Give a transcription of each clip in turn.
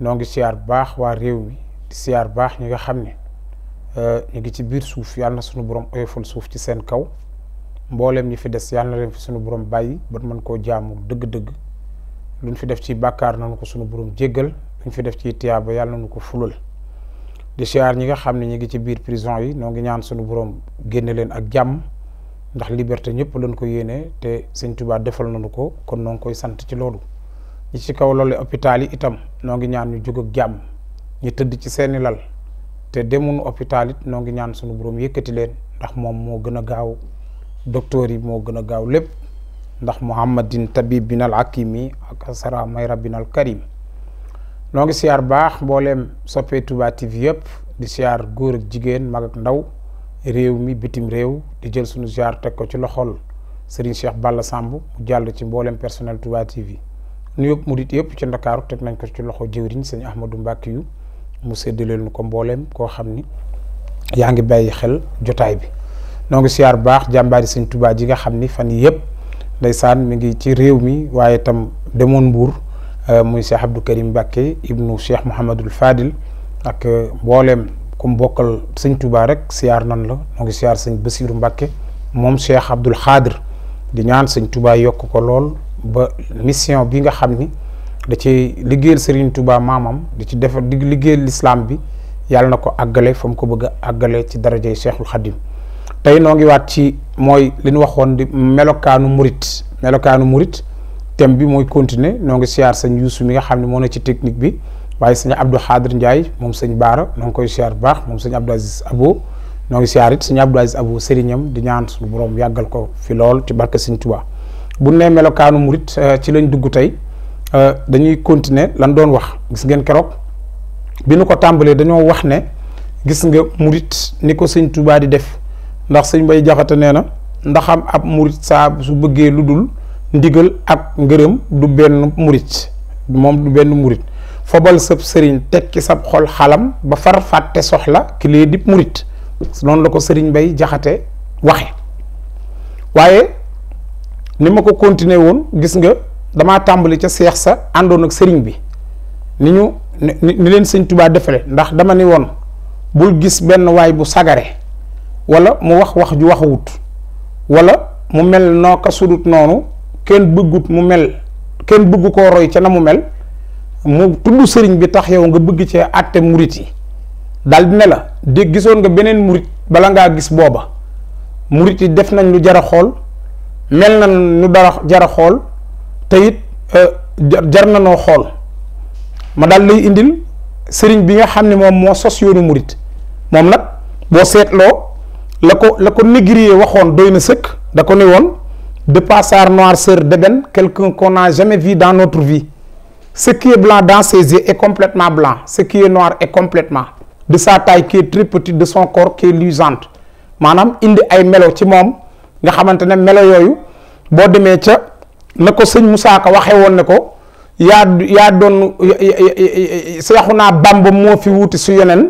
Nongi gi siar bax wa rew mi di siar bax ñi nga xamne euh ñi gi ci bir suuf yalla suñu borom oyofal suuf ci seen kaw mbollem ñi fi dess yalla leen fi suñu borom bayyi ba man ko jaamu deug deug luñ fi def ci bakkar nañ ko suñu borom jéggal luñ fi def ci tiyaba yalla ko fulul di siar ñi nga xamne ñi gi ci bir prison yi noo gi ñaan suñu borom genn leen ak jàmm ndax liberté ñepp lañ ko yéene té sëñ touba defal nañ ko kon noo koy ci lolu ñi ci kaw loolu hôpital yi itam noo ngi ñaan ñu jug ak jàmm ñu tëdd ci seeni lal te demuñu hôpital it noo ngi ñaan suñu borom yëkkati leen ndax moom moo gën a gaaw docteur yi moo gën a gaaw lépp ndax muhammadin tabib binal hakimi ak asara may rabbinal karim noo ngi siyaar baax mbooleem soppee Touba TV yëpp di siyaar góor ak jigéen mag ak ndaw réew mi bitim réew di jël sunu siyaar teg ko ci loxol Serigne Cheikh Balla Samb mu jàll ci mbooleem personnel Touba TV nu murid yop ci ndakaaru tek nañ ko ci loxo jeewriñ seigne Ahmadou Mbàkke yu mu séddaleel ko mbollem ko xamni yaangi yaa xel jotay bi noo siar bax jambaari seigne touba ji nga xamni fan yep ndaysan mi ngi ci rew mi euh, muy Cheikh Abdou Karim Mbàkke ibnu Cheikh Mouhamadul Fadil ak euh, mbollem kum bokal seigne touba rek siar nan la noo siar seigne basirou Basiiru mom Cheikh Abdoul khadir di ñaan seigne touba yok ko lol ba mission bi nga xam ni da ci liggéeyal Serigne Touba maamam di ci defar di liggéeyal lislaam bi yàlla na ko àggale fa mu ko bëgg a àggale ci darajay Cheikhul Khadim tey noo ngi waat ci mooy li ñu waxoon di melokaanu murit melokaanu murit thème bi mooy continuer noo ngi siyaar sañ Youssou mi nga xam ne moo na ci technique bi waaye sëñ Abdou Khadir Ndiaye moom sañ Baara noo ngi koy siyaar bu baax moom sëñ Abdou Aziz Abo noo ngi siyaar it sëñ di ñaan suñu borom yàggal ko fi lool ci barke sëñ tubaa bu ne melokaanu murit euh, ci lañ dugg tey euh, dañuy continuer lan doon wax gis ngeen keroog bi nu ko tàmbalee dañoo wax ne gis nga murit ni ko sëñ Tuubaa di def ndax sëñ bay Jaxate nee na ndaxam ab murit saa su bëggee lu dul ndigal ak ngërëm du benn murit moom du benn murit fobal sab sëriñ tekki sab xol xalam ba far fàtte soxla ki lee dib murit noonu la ko sëriñ bay Jaxate waxe waaye ni ko continuer won gis nga dama tambali ca cheikh sa andon ak serigne bi ni ñu ni len serigne touba defale ndax dama ni won bul gis ben way bu sagare wala mu wax wax ju waxawut wala mu mel noo ka sudut nonu ken bëggut mu mel ken bëgg ko roy ci na mu mel mu tuddu serigne bi tax yow nga bëgg ci atté mouride dal dina la de gisone nga benen mouride bala nga gis boba mouride def nañ lu jara xol mel na nu dara jara xol te it euh, jar na noo xool ma dal lay indil serigne bi nga xam mom mo moo sos yoonu murit moom nag boo seetloo la ko la ko négrier waxoon doy na da ko ni won de passard noirceur d'ébène quelqu'un qu'on n'a jamais vu dans notre vie ce qui est blanc dans ses yeux est complètement blanc ce qui est noir est complètement de sa taille qui est très petite de son corps qui est luisante manam indi ay melo ci mom nga xamante ne melo yooyu boo demee ca na ko sëñ Moussa Ka waxee woon ne ko yaa yaa doon Seexuna Bàmba moo fi wuuti su yeneen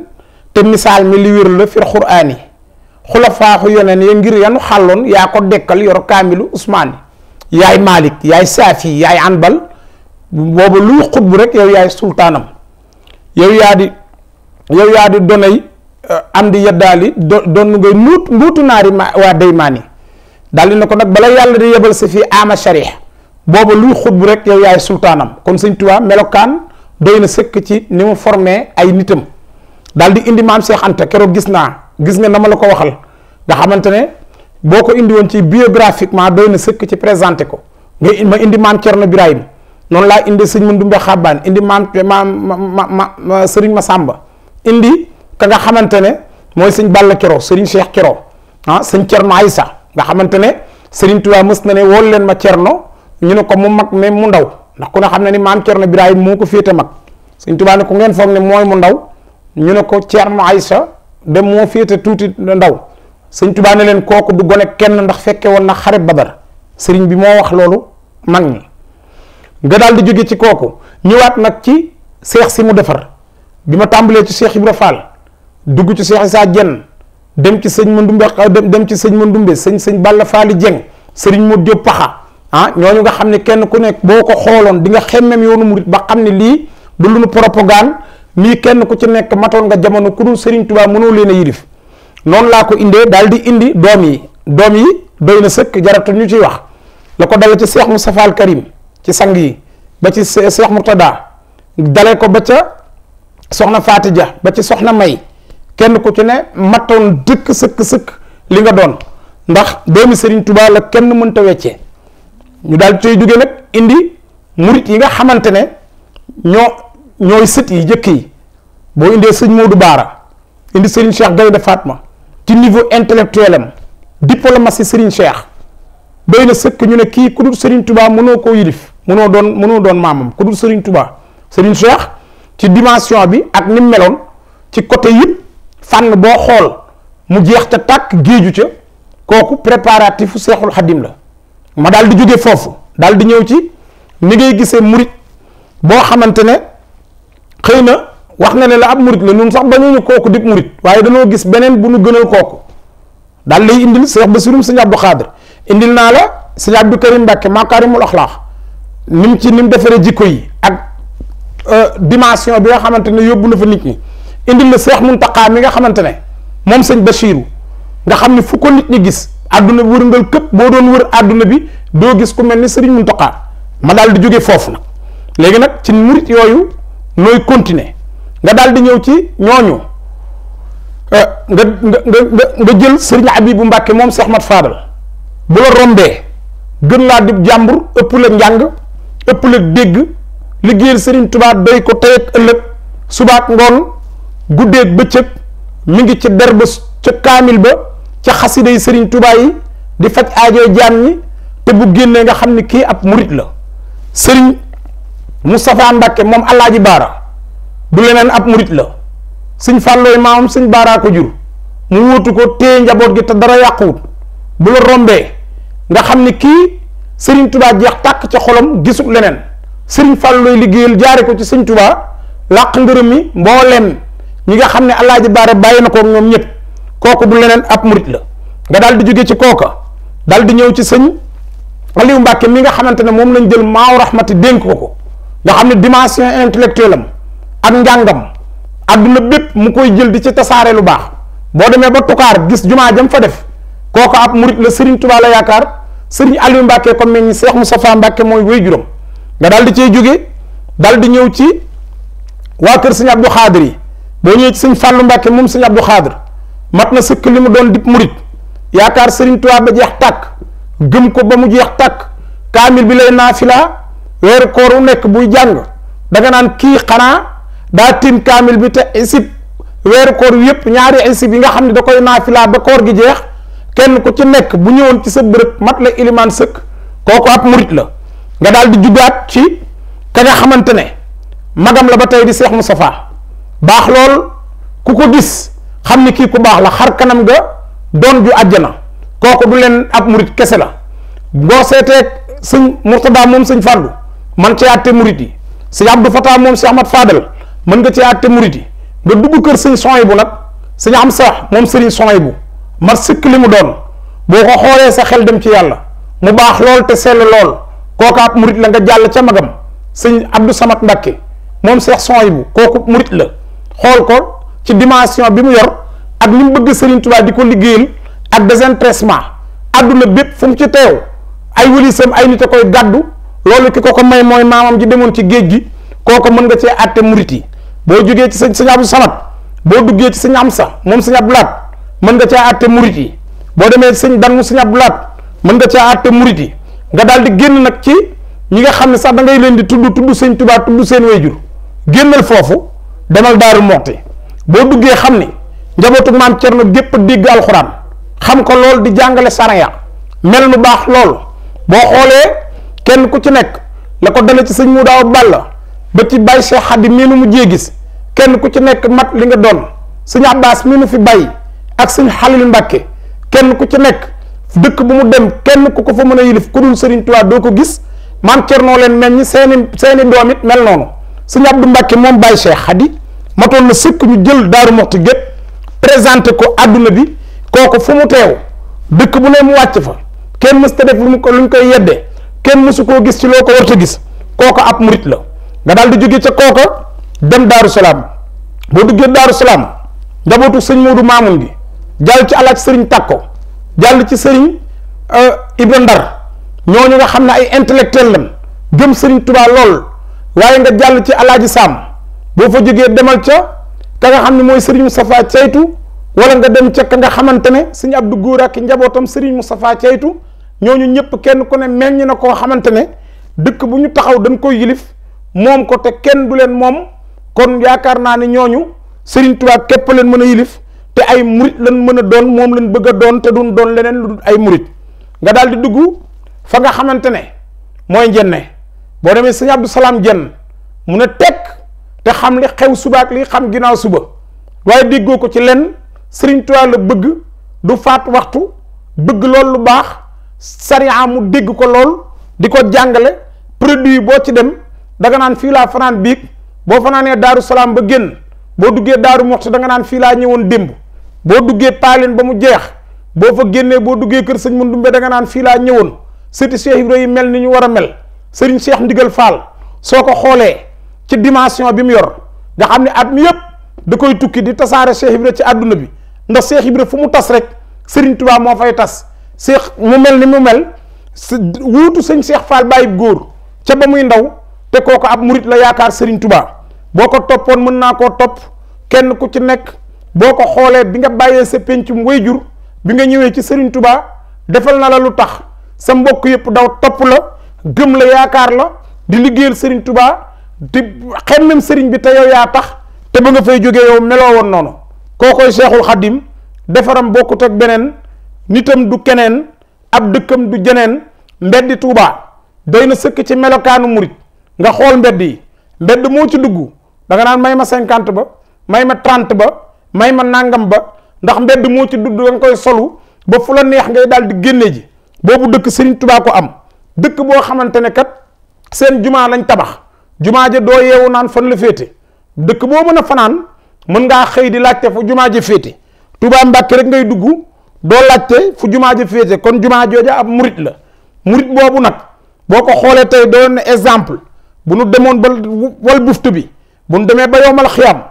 te misaal mi li wér la fir xuraan yi xulafaaxu yeneen ya ngir yanu xàlloon yaa ko dekkal yor kaamilu usmaan yaay Malik yaay Saafi yaay Anbal booba luy xutbu rek yow yaay sultaanam yow yaa di yow yaa di donay eh, am di yeddaali do doon ngay nuut mbuutu naari ma waa deymaani daal di ne ko nag bala yàlla di yebal si fi ama sharih booba luy xutbu rek yow yaay sultaanam kon sëñ Tuubaa melokaan doy na sëkk ci ni mu formé ay nitam daal di indi maam Cheikh keroog gis naa gis nga na ma la ko waxal nga xamante ne boo ko indi woon ci biographiquement doy na sëkk ci présenté ko nga ma indi maam Thierno Birahim noonu laa indi sëñ Mandumbe Xabbaan indi maam ma ma sëriñ sàmba indi ka nga xamante ne mooy sëñ Balla keroo sëriñ Cheikh Coro ah, sëñ Thierno Aïssa nga xamante ne Serigne Touba mës na ne wool leen ma cerno ñu ne ko mu mag mais mu ndaw ndax ku ne xam ne ni maam cerno Birahim moo ko féete mag Serigne Touba ne ngeen foog ne mooy mu ndaw ñu ne ko cerno Aysa de moo féete tuuti ndaw Serigne Touba ne leen kooku du gone kenn ndax fekke woon na xare Badar Serigne bi moo wax loolu mag ñi nga daal di jóge ci kooku ñëwaat nag ci seex si mu defar bi ma tàmbalee ci seex Ibra Fall dugg ci seex saa Jenn dem ci sëñ Mandumbe dem ci sëñ Mandumbe seigne seigne Balla fali Jeng seigne mo djop Paxa ah ñooñu nga xam ne kenn ku nekk boko ko di nga xemem yoonu mourid ba xam li du lu nu propagande mi kenn ku ci nekk maton nga jamono ku dul seigne touba mëno leena yirif non la ko indé daal di indi domi yi doom yi doy na jaratu ñu ci wax lako dal ci cheikh Mustafaa al Karim ci sang yi ba ci cheikh Murtada dalé ko ba ca soxna Faatija ba ci soxna May kenn ku ci ne mattoon dëkk sëkk sëkk li nga doon ndax doomi Serigne Touba la kenn mënta weccee ñu daal di jóge nag indi murit yi nga xamante ne ñoo ñooy sët yi jëkk yi boo indee sëñ Modou Baara indi Serigne Cheikh Gaynde Fatma ci niveau intellectuel am diplomatie Serigne Cheikh doy na sëkk ñu ne kii ku dul Serigne Touba mënoo koo yilif mënoo doon mënoo doon maamam ku dul Serigne Touba Serigne Cheikh ci dimension bi ak ni meloon ci côté yëpp. fànn boo xool mu jeex ca tàkk géeju ca kooku préparatifu seexul xadim la ma daal di jóge foofu daal di ñëw ci ni ngay gisee murit boo xamante ne xëy na wax na ne la ab murit la ñun sax bañuñu kooku dib murit waaye dañoo gis beneen bu nu gënal kooku daal lay indil seex basirum sëñ abdu xaadir indil naa la sëñ abdu karim mbàkke maakaarimul axlaax nim ci nim defaree jikko yi ak euh, dimension bi nga xamante ne yóbbu na fa nit ñi indi la seex Muntaqa mi nga xamante ne moom sëñ Bachiru nga xam ne fu ko nit ñi gis àdduna bi wërngal këpp boo doon wër àdduna bi doo gis ku mel ni sëriñ Muntaqa ma daal di jóge foofu nag léegi nag ci murit yooyu nooy continuer nga daal di ñëw ci ñooñu euh, nga nga nga nga jël sëriñ Abibu Mbàkke moom Seex Mat Faadal bu la rombee gën laa dib jàmbur ëpp la njàng ëpp la dégg liggéeyal sëriñ Tuubaa doy ko tey ak ëllëg subaak ngoon guddeeg bëccëg mu ngi ci der ba ca kaamil ba ca xasida yi sëriñ tubaa yi di faj aajoo jaam ñi te bu génnee nga xam ni kii ab murit la sëriñ Moustapha Mbacke moom Alaaji Baara du leneen ab murit la sëñ fàllooy maamam sëñ Baara ko jur mu wóotu ko téye njaboot gi te dara yàquwut bu la rombee nga xam ni kii sëriñ tubaa jeex tàkk ca xolam gisul leneen sëriñ fàllooy liggéeyal jaare ko ci sëñ tubaa làq ngërëm mi mbooleem ñi nga xam ne alaaji baare bàyyi na ko ñoom ñëpp kooku bu leneen ab murit la nga daal di jóge ci kooka dal di ñëw ci sëñ Aliou Mbàkke mi nga xamante ne moom lañ jël maaw rahmati dénk ko ko nga xam ne dimension intellectuelle am ak njàngam adduna bépp mu koy jël di ci tasaare lu baax boo demee ba tukaar gis jumaa jam fa def kooku ab murit la Serigne Touba la yaakaar Serigne Aliou Mbàkke comme mel ni Seex Mustafaa Mbàkke mooy wéy juróom nga daal di cey jóge daal di ñëw ci waa kër Sëñ Abdu yi boo ñëwee ci sëñ Fàllu Mbàkke moom sëñ Abdou Khadre mat na sëkk li mu doon dip murit yaakaar sëriñ Tuubaa ba jeex tàkk gëm ko ba mu jeex tàkk kaamil bi lay naafilaa weeru koor wu nekk buy jàng danga naan kii xanaa daa tiim kaamil bi te isib weeru koor yëpp ñaari isib yi nga xam ne da koy naafilaa ba koor gi jeex kenn ku ci nekk bu ñëwoon ci sa bërëb mat la ilimaan sëkk kooku ab murit la nga daal di juddaat ci ka nga xamante ne magam la ba tey di Seex Mustafaa baax lool ku ko gis xam ne kii ku baax la xar kanam ga doon ju àjjana kooku du leen ab murit kese la boo seetee sëñ Murtada moom sëñ Fàllu man cee àtte murit yi sëñ Abdou Fata moom sëñ Ahmad Fadal mën nga cee àtte murit yi nga dugg kër sëñ Sohaybu nag sëñ am sax moom sëriñ Sohaybu mat sikk li mu doon boo ko xoolee sa xel dem ci yàlla mu baax lool te sell lool kooku ab murit la nga jàll ca magam sëñ Abdou Samad Mbàkke moom Seex bu kooku murit la xool ko ci dimension bi mu yor ak li mu bëgg Serigne Touba di ko liggéeyal ak désintéressement àdduna bépp fu mu ci teew ay wëlisam ay nit a koy gàddu loolu ki ko ko may mooy maamam ji demoon ci géej gi kooko mën nga cee àtte murit yi boo jógee ci sëñ sëñ Abdou Samad boo duggee ci sëñ Amsa moom sëñ Abdou Lahat mën nga cee àtte murit yi boo demee ci sëñ Danu sëñ Abdou Lahat mën nga cee àtte murit yi nga daal di génn nag ci ñi nga xam ne sax da leen di tudd tudd sëñ Tuubaa tudd seen wayjur génnal foofu demal daaru moti boo duggee xam ni njabootu maam cerno gépp dégg alxuraan xam ko lool di saraya mel nu baax lool boo xoolee kenn ku ci nekk la ko dale ci sëñ mu daaw balla ba ci bay cheikh xaddi miinu mu jee kenn ku ci nekk mat li nga doon abbas fi bay ak sëñ xalil mbàkke kenn ku ci nekk dëkk bu mu dem kenn ku ko fa mën a yilif ku dul sëriñ tuwaa doo ko gis cerno mel ñi mel su sëñ Abdou Mbacke moom Baye Cheikh Khady matoon na sëkk ñu jël Daaru Moxti gépp présenté ko àdduna bi kooku fu mu teew dëkk bu ne mu wàcc fa kenn mës ta def lu mu ko lu ñu koy yeddee kenn mësu koo gis ci loo ko war gis kooka ab murit la nga daal di jóge ca kooka dem Daaru Salaam boo duggee Daaru Salaam njabootu sëñ Moodu Maamun gi jàll ci alaaj sëriñ ko jàll ci sëriñ euh, Ibra Ndar ñooñu nga xam ne ay intellectuel lañ gëm sëriñ Tuubaa lool waaye nga jàll ci alaaji saam boo fa jógee demal ca ka nga xam ne mooy Serigne Moustapha ceytu wala nga dem ca ka nga xamante ne suñu Abdou Góor ak njabootam Serigne Moustapha ceytu ñooñu ñëpp kenn ku ne meññ na koo xamante ne dëkk bu ñu taxaw dañ koy yilif moom ko te kenn du leen moom kon yaakaar naa ne ñooñu Serigne Touba képp leen mën a yilif te ay murit lan mën a doon moom lañ bëgg doon te duñ doon leneen lu dul ay murit nga daal di dugg fa nga xamante ne mooy njenne bo demé seigne abdou salam jenn mu ne te xam li xew suba ak li xam ginaaw suba way diggo ko ci len sëriñ Tuubaa la bëgg du faat waxtu bëgg lool lu baax sharia mu digg ko lool di jangale produit bo ci dem nga nan fi la fanaan bi bo fanane daru salam ba genn bo duggé daru moxti da nga nan fi la ñewon démb bo duggé ba mu jeex bo fa genné bo duggé kër seigne da nga nan fi la ñewon Cheikh ibrahim ñu wara mel serigne cheikh ndigal fall soko xolé ci dimension bi mu yor nga xamni at mi yeb da koy tukki di tassare cheikh ibra ci aduna bi ndax cheikh ibra fu mu tass rek serigne touba mo fay tass cheikh mu mel ni mu mel wutu serigne cheikh fall bayib gor ca ba muy ndaw te koko ab mourid la yaakar serigne touba boko topone mën na ko top kenn ku ci nek boko xolé bi nga baye sa pencum wayjur bi nga ñewé ci serigne touba defal na la lu tax sa mbokk yep daw top la gëm la yaakaar la di liggéeyal sëriñ tubaa di xemmem sëriñ bi te yow yaa tax te ba nga fay jógee yow meloo woon noonu kookoy seexul xadim defaram bokkut ak beneen nitam du keneen ab dëkkam du jeneen mbeddi tuubaa doy na sëkk ci melokaanu murit nga xool mbedd yi mbedd moo ci dugg da nga naan may ma cinquante ba may ma trente ba may ma nàngam ba ndax mbedd moo ci dugg da koy solu ba fu la neex ngay daal di génne ji boobu dëkk sëriñ tubaa ko am dëkk boo xamante ne kat seen jumaa lañ tabax jumaa ja doo yeewu naan fan la féete dëkk boo mën a fanaan mën ngaa xëy di laajte fu jumaa ja féete Tuubaa Mbàkke rek ngay dugg doo laajte fu jumaa ja féete kon jumaa jooja ab murit la murit boobu nag boo ko xoolee tey doo ne exemple bu nu demoon ba wal buftu bi bu nu demee ba yowmal xiyam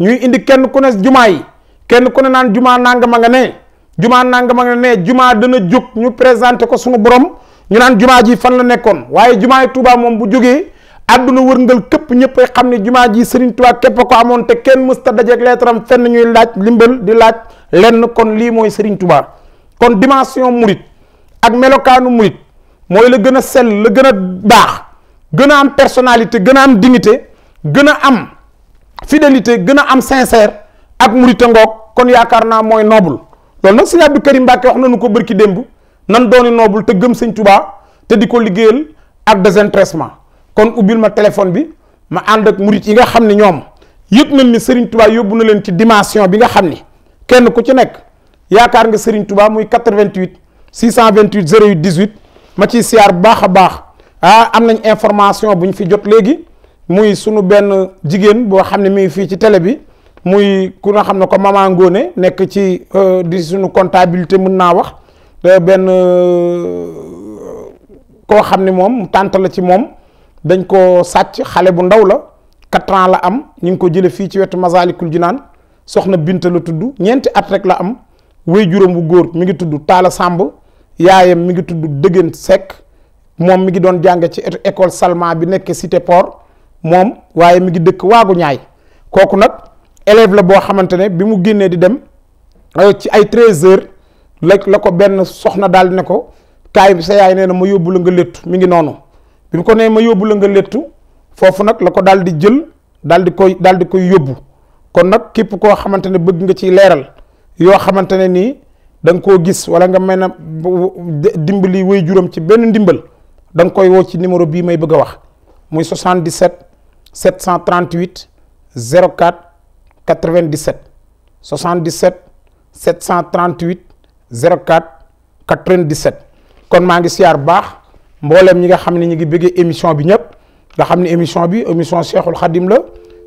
ñuy indi kenn ku ne jumaa yi kenn ku ne naan jumaa nangama nga ne jumaa nangama nga ne jumaa dana jóg ñu présenté ko suñu borom ñu naan jumaa ji fan la nekkoon waaye jumaa yi moom bu jógee àdduna wërngal képp ñëpp a xam ne jumaa ji Serigne Touba képp ko amoon te kenn mësta dajeeg leetaram fenn ñuy laaj limbal di laaj lenn kon lii mooy Serigne Touba kon dimension murit ak melokaanu murit mooy la gën a sell la gën a baax gën a am personnalité gën a am dignité gën a am fidélité gën a am sincère ak murita ngoog kon yaakaar naa mooy noble loolu nag Serigne kër Karim Mbacke wax nañu ko bërki démb nan dooni noble te gëm seigne touba te diko ko liggéeyal ak désintéressement kon ubbil ma téléphone bi ma ànd ak murit yi nga xam ne ñoom yëg nañ ni sëriñ tubaa yóbbu na leen ci dimension bi nga xam ni kenn ku ci nekk yaakaar nga seigne touba muy 88 628 08 18 ma ci siyaar bu baax a baax ah am nañ information bu ñu fi jot léegi muy sunu benn jigéen boo xam ne mi ngi fii ci télé bi muy ku nga xam ne ko mama Ngone nekk ci euh, di suñu comptabilité mun naa wax Euh, benn euh, koo xam ni moom tànt la ci moom dañ ko sàcc xale bu ndaw la quatre ans la am ñu ngi ko jële fii ci wetu Masalikul Jinaan soxna Binta la tudd ñeenti at rek la am wéy juróom bu góor mi ngi tudd Taala Sàmb yaayam mi ngi tudd Dëgën Seck moom mi ngi doon jànge ci école Salma bi nekk Cité Port moom waaye mi ngi dëkk waagu ñaay kooku nag élève la boo xamante ne bi mu génnee di dem euh, ci ay 13 heures la la ko benn soxna daal ne ko kaay sa yaay nee na ma yóbbu la nga léttu mi ngi noonu bi ko nee ma yóbbu la nga léttu foofu nag la ko daal di jël daal di koy daal di koy yóbbu kon nag képp koo xamante ne bëgg nga ci leeral yoo xamante ne nii danga nga koo gis wala nga mën a dimbali way juram ci benn ndimbal da nga koy woo ci numéro bii may bëgg a wax muy 77 738 04 97 77 738 04 97 kon maa ngi siyaar baax mbooleem ñi nga xam ne ñu ngi bëggee émission bi ñëpp nga xam ne émission bi émission Cheikhul Khadim la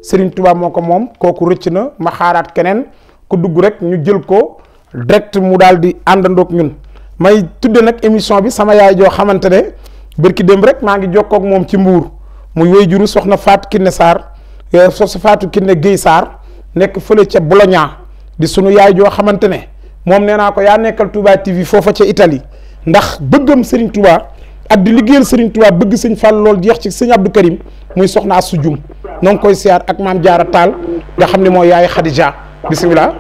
Serigne Touba moo ko moom kooku rëcc na ma xaaraat keneen ku dugg rek ñu jël ko direct mu daal di àndandoog ñun may tudde nag émission bi sama yaay joo xamante ne bërki dem rek maa ngi jokkoog moom ci mbuur mu woy soxna soxna Fatou Kiné Sarr euh, soxna Fatou Kiné Guèye Sarr nekk fële ca Bologna di sunu yaay joo xamante ne mom nee ko ya nekkal Touba TV fofa ci italy ndax beugum Serigne Touba ak di liguel Serigne Touba beug serigne Fall lol di wax ci serigne Abdou Karim muy soxna Astou Dioum noo koy siar ak mam Jaara tal nga xamni ne yaay Khadija bismillah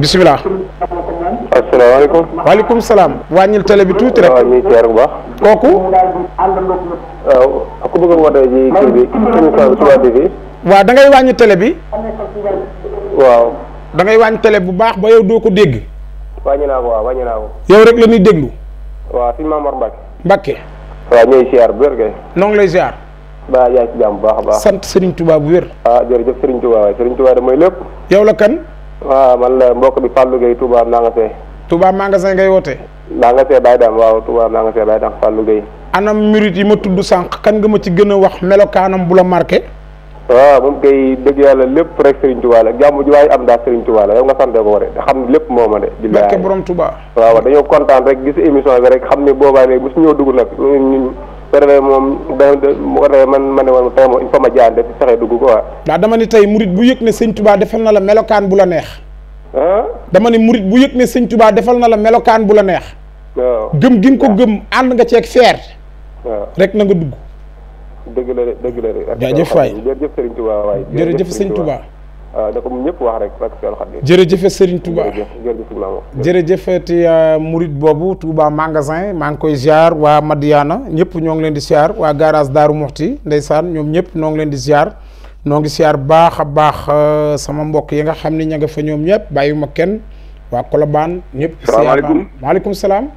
bisimilah. asalaamaaleykum. waaleykum salam wañil tele bi tout rek. waaw ñu ngi siyaar bu baax. kooku. waaw ku bëggoon woote ji kii bi Touba TV. wa da ngay wàññi tele bi. waaw da ngay wañ télé bu baax ba yow doo ko dégg. wàññi naa ko waaw wàññi naa ko. yow rek la ni déglu. waaw sëñ Mamor Mbacke. Mbacke. wa ñooy ziar bu wér kay. noo lay ziar. ba ya ci jam bu baax a baax. sant Serigne Touba bu wër ah jërëjëf Serigne Touba waaye Serigne Touba damay lepp yow la kan. wa man la mbokk bi fallu Gueye Touba na nga Nangasé. Touba ma nga Nangasé ngay nga Nangasé bay dam wa Touba nga sé bay dam fallu Gueye. anam murit yi ma tuddu sank kan nga ma ci gëna wax melokanam bu la marqué. waaw moom kay dëgg yàlla lépp rek Serigne Touba la jàmm ju waay am daal Serigne Touba la yow nga santee ko ko de xam lépp moo ma de barke borom Touba waaw dañoo kontaan rek gis émission bi rek xam ne boobaa léegi bu su ñëw dugg nag ñu moom da mu ko man ma ne woon tey moom ma jaan de fexe dugg quoi ndax dama ne tey murit bu yëg ne Serigne Touba defal na la melokaan bu la neex dama ne murit bu yëg ne Serigne Touba defal na la melokaan bu la neex gëm gi nga ko gëm ànd nga ceeg feer rek na nga dugg dëgg la dëgg la de. jaajëf waay jërëjëf Serigne Touba waay. jërëjëf Serigne Touba. waaw ah, ñëpp wax rek ak Seydou Khadi. jërëjëf Serigne Touba jërëjëf ti ah, Mouride boobu tubaa magasin maa ngi koy ziar waa Madiana ñëpp ñoo ngi leen di ziar waa garage Daaru Moxti ndeysaan ñoom ñëpp ñoo ngi leen di ziar. noo ngi siyaar baax a baax ah, sama mbokk yi nga xam ni ña nga fa ñoom ñëpp bàyyi ma kenn waa Colobane ñëpp. salaamaaleykum maaleykum salaam.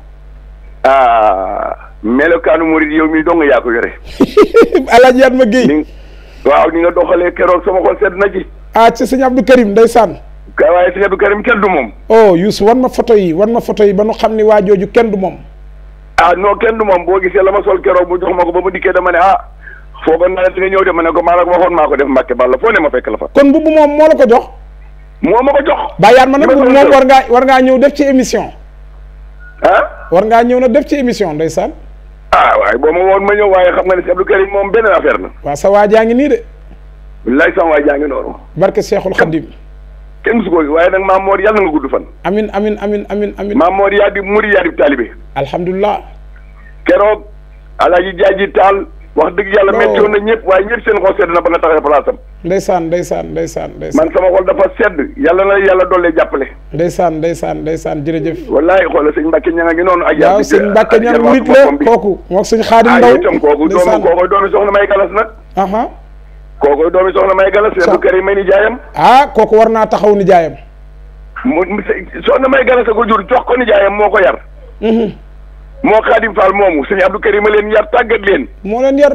ah melokaanu murid yow mii dong yaa ko yore. Alaaji Atma Guèye. waaw ni nga doxalee keroog sama xol sedd na ci. ah ci sëñ Abdou Karim ndeysaan. waaye sëñ Abdou Karim kenn du moom. oh Youssou wan ma photo yi wan ma photo yi ba nu xam ni waa jooju kenn du moom. ah non kenn du moom boo gisee la ma sol keroog mu jox ma ko ba mu dikkee dama ne ah foogoon naa dina ñëw de ma ne ko maa la ko waxoon maa ko def mbàkke balla foo ne ma fekk la fa. kon mbubb moom moo la moo ma ko jox. bàyyaat ma nag moom war war ngaa ñëw def ci émission. ah. war ngaa ñëw na def ci émission ndeysaan. ah waaye boo ma woon ma ñëw waaye xam nga ne si moom benn affaire la. waaw sa waa jaa ngi nii de. wallaahi sama waa jaa ngi noonu. barke Seexul Xadim. kenn su ko waaye nag Maam Mor yàlla nga gudd fan. amin amin amin amin amin. Maam Mor yaa di muri yaa di taalibe. alhamdulilah. keroog Alaaji Jaaji Taal. wax dëgg yàlla oh. métti woon na ñëpp waaye ñëpp seen xol sedd na ba nga taxee place am saan ndeysaan ndeysaan ndeysaan man sama xol dafa sedd yàlla na yàlla doolee jàppale ndeysaan ndeysaan ndeysaan jërëjëf walaay xoola sëñ Mbàkke ña ngi noonu ak waaw sëñ Mbàkke ña murit la kooku mook sëñ Xaadim ah, Ndaw itam kooku doomu kookoy doomi soxna may galas nag aha kookoy doomi soxna may galas bu kër yi may ni jaayam ah kooku war naa taxaw nijaayam jaayam mu soxna may galas a ko jur jox ko ni moo ko yar mhm. moo xaadim Fall moomu sëñ Abdou Karim a leen yar tàggat leen. moo leen yar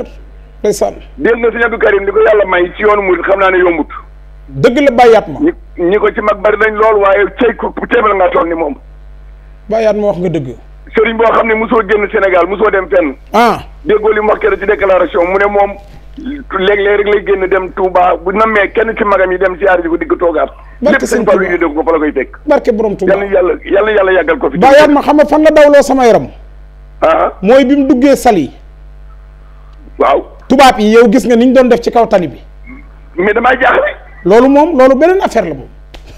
ndeysaan. dégg na sëñ Abdou Karim li ko yàlla may ci yoonu murid xam naa ne yombut. dëgg la bàyyaat ma. ñi ñi ko ci mag bari nañ lool waaye cey ku la ngaa toll ni moom. bàyyaat ma wax nga dëgg. sëriñ boo xam ne mosoo génn Sénégal mosoo dem fenn. ah déggoo li mu wax keroog ci déclaration mu ne moom léeg-léeg rek lay génn dem Touba bu nammee kenn ci magam yi dem ci aar ji ko digg toogaat. yi dégg ko fa la yàggal ko fi. bàyyaat ma xam mooy bi mu duggee Saly. waaw tubaab yi yow gis nga ni ñu doon def ci kaw tali bi. Mm. mais damaa jaaxle. loolu moom loolu beneen affaire la moom.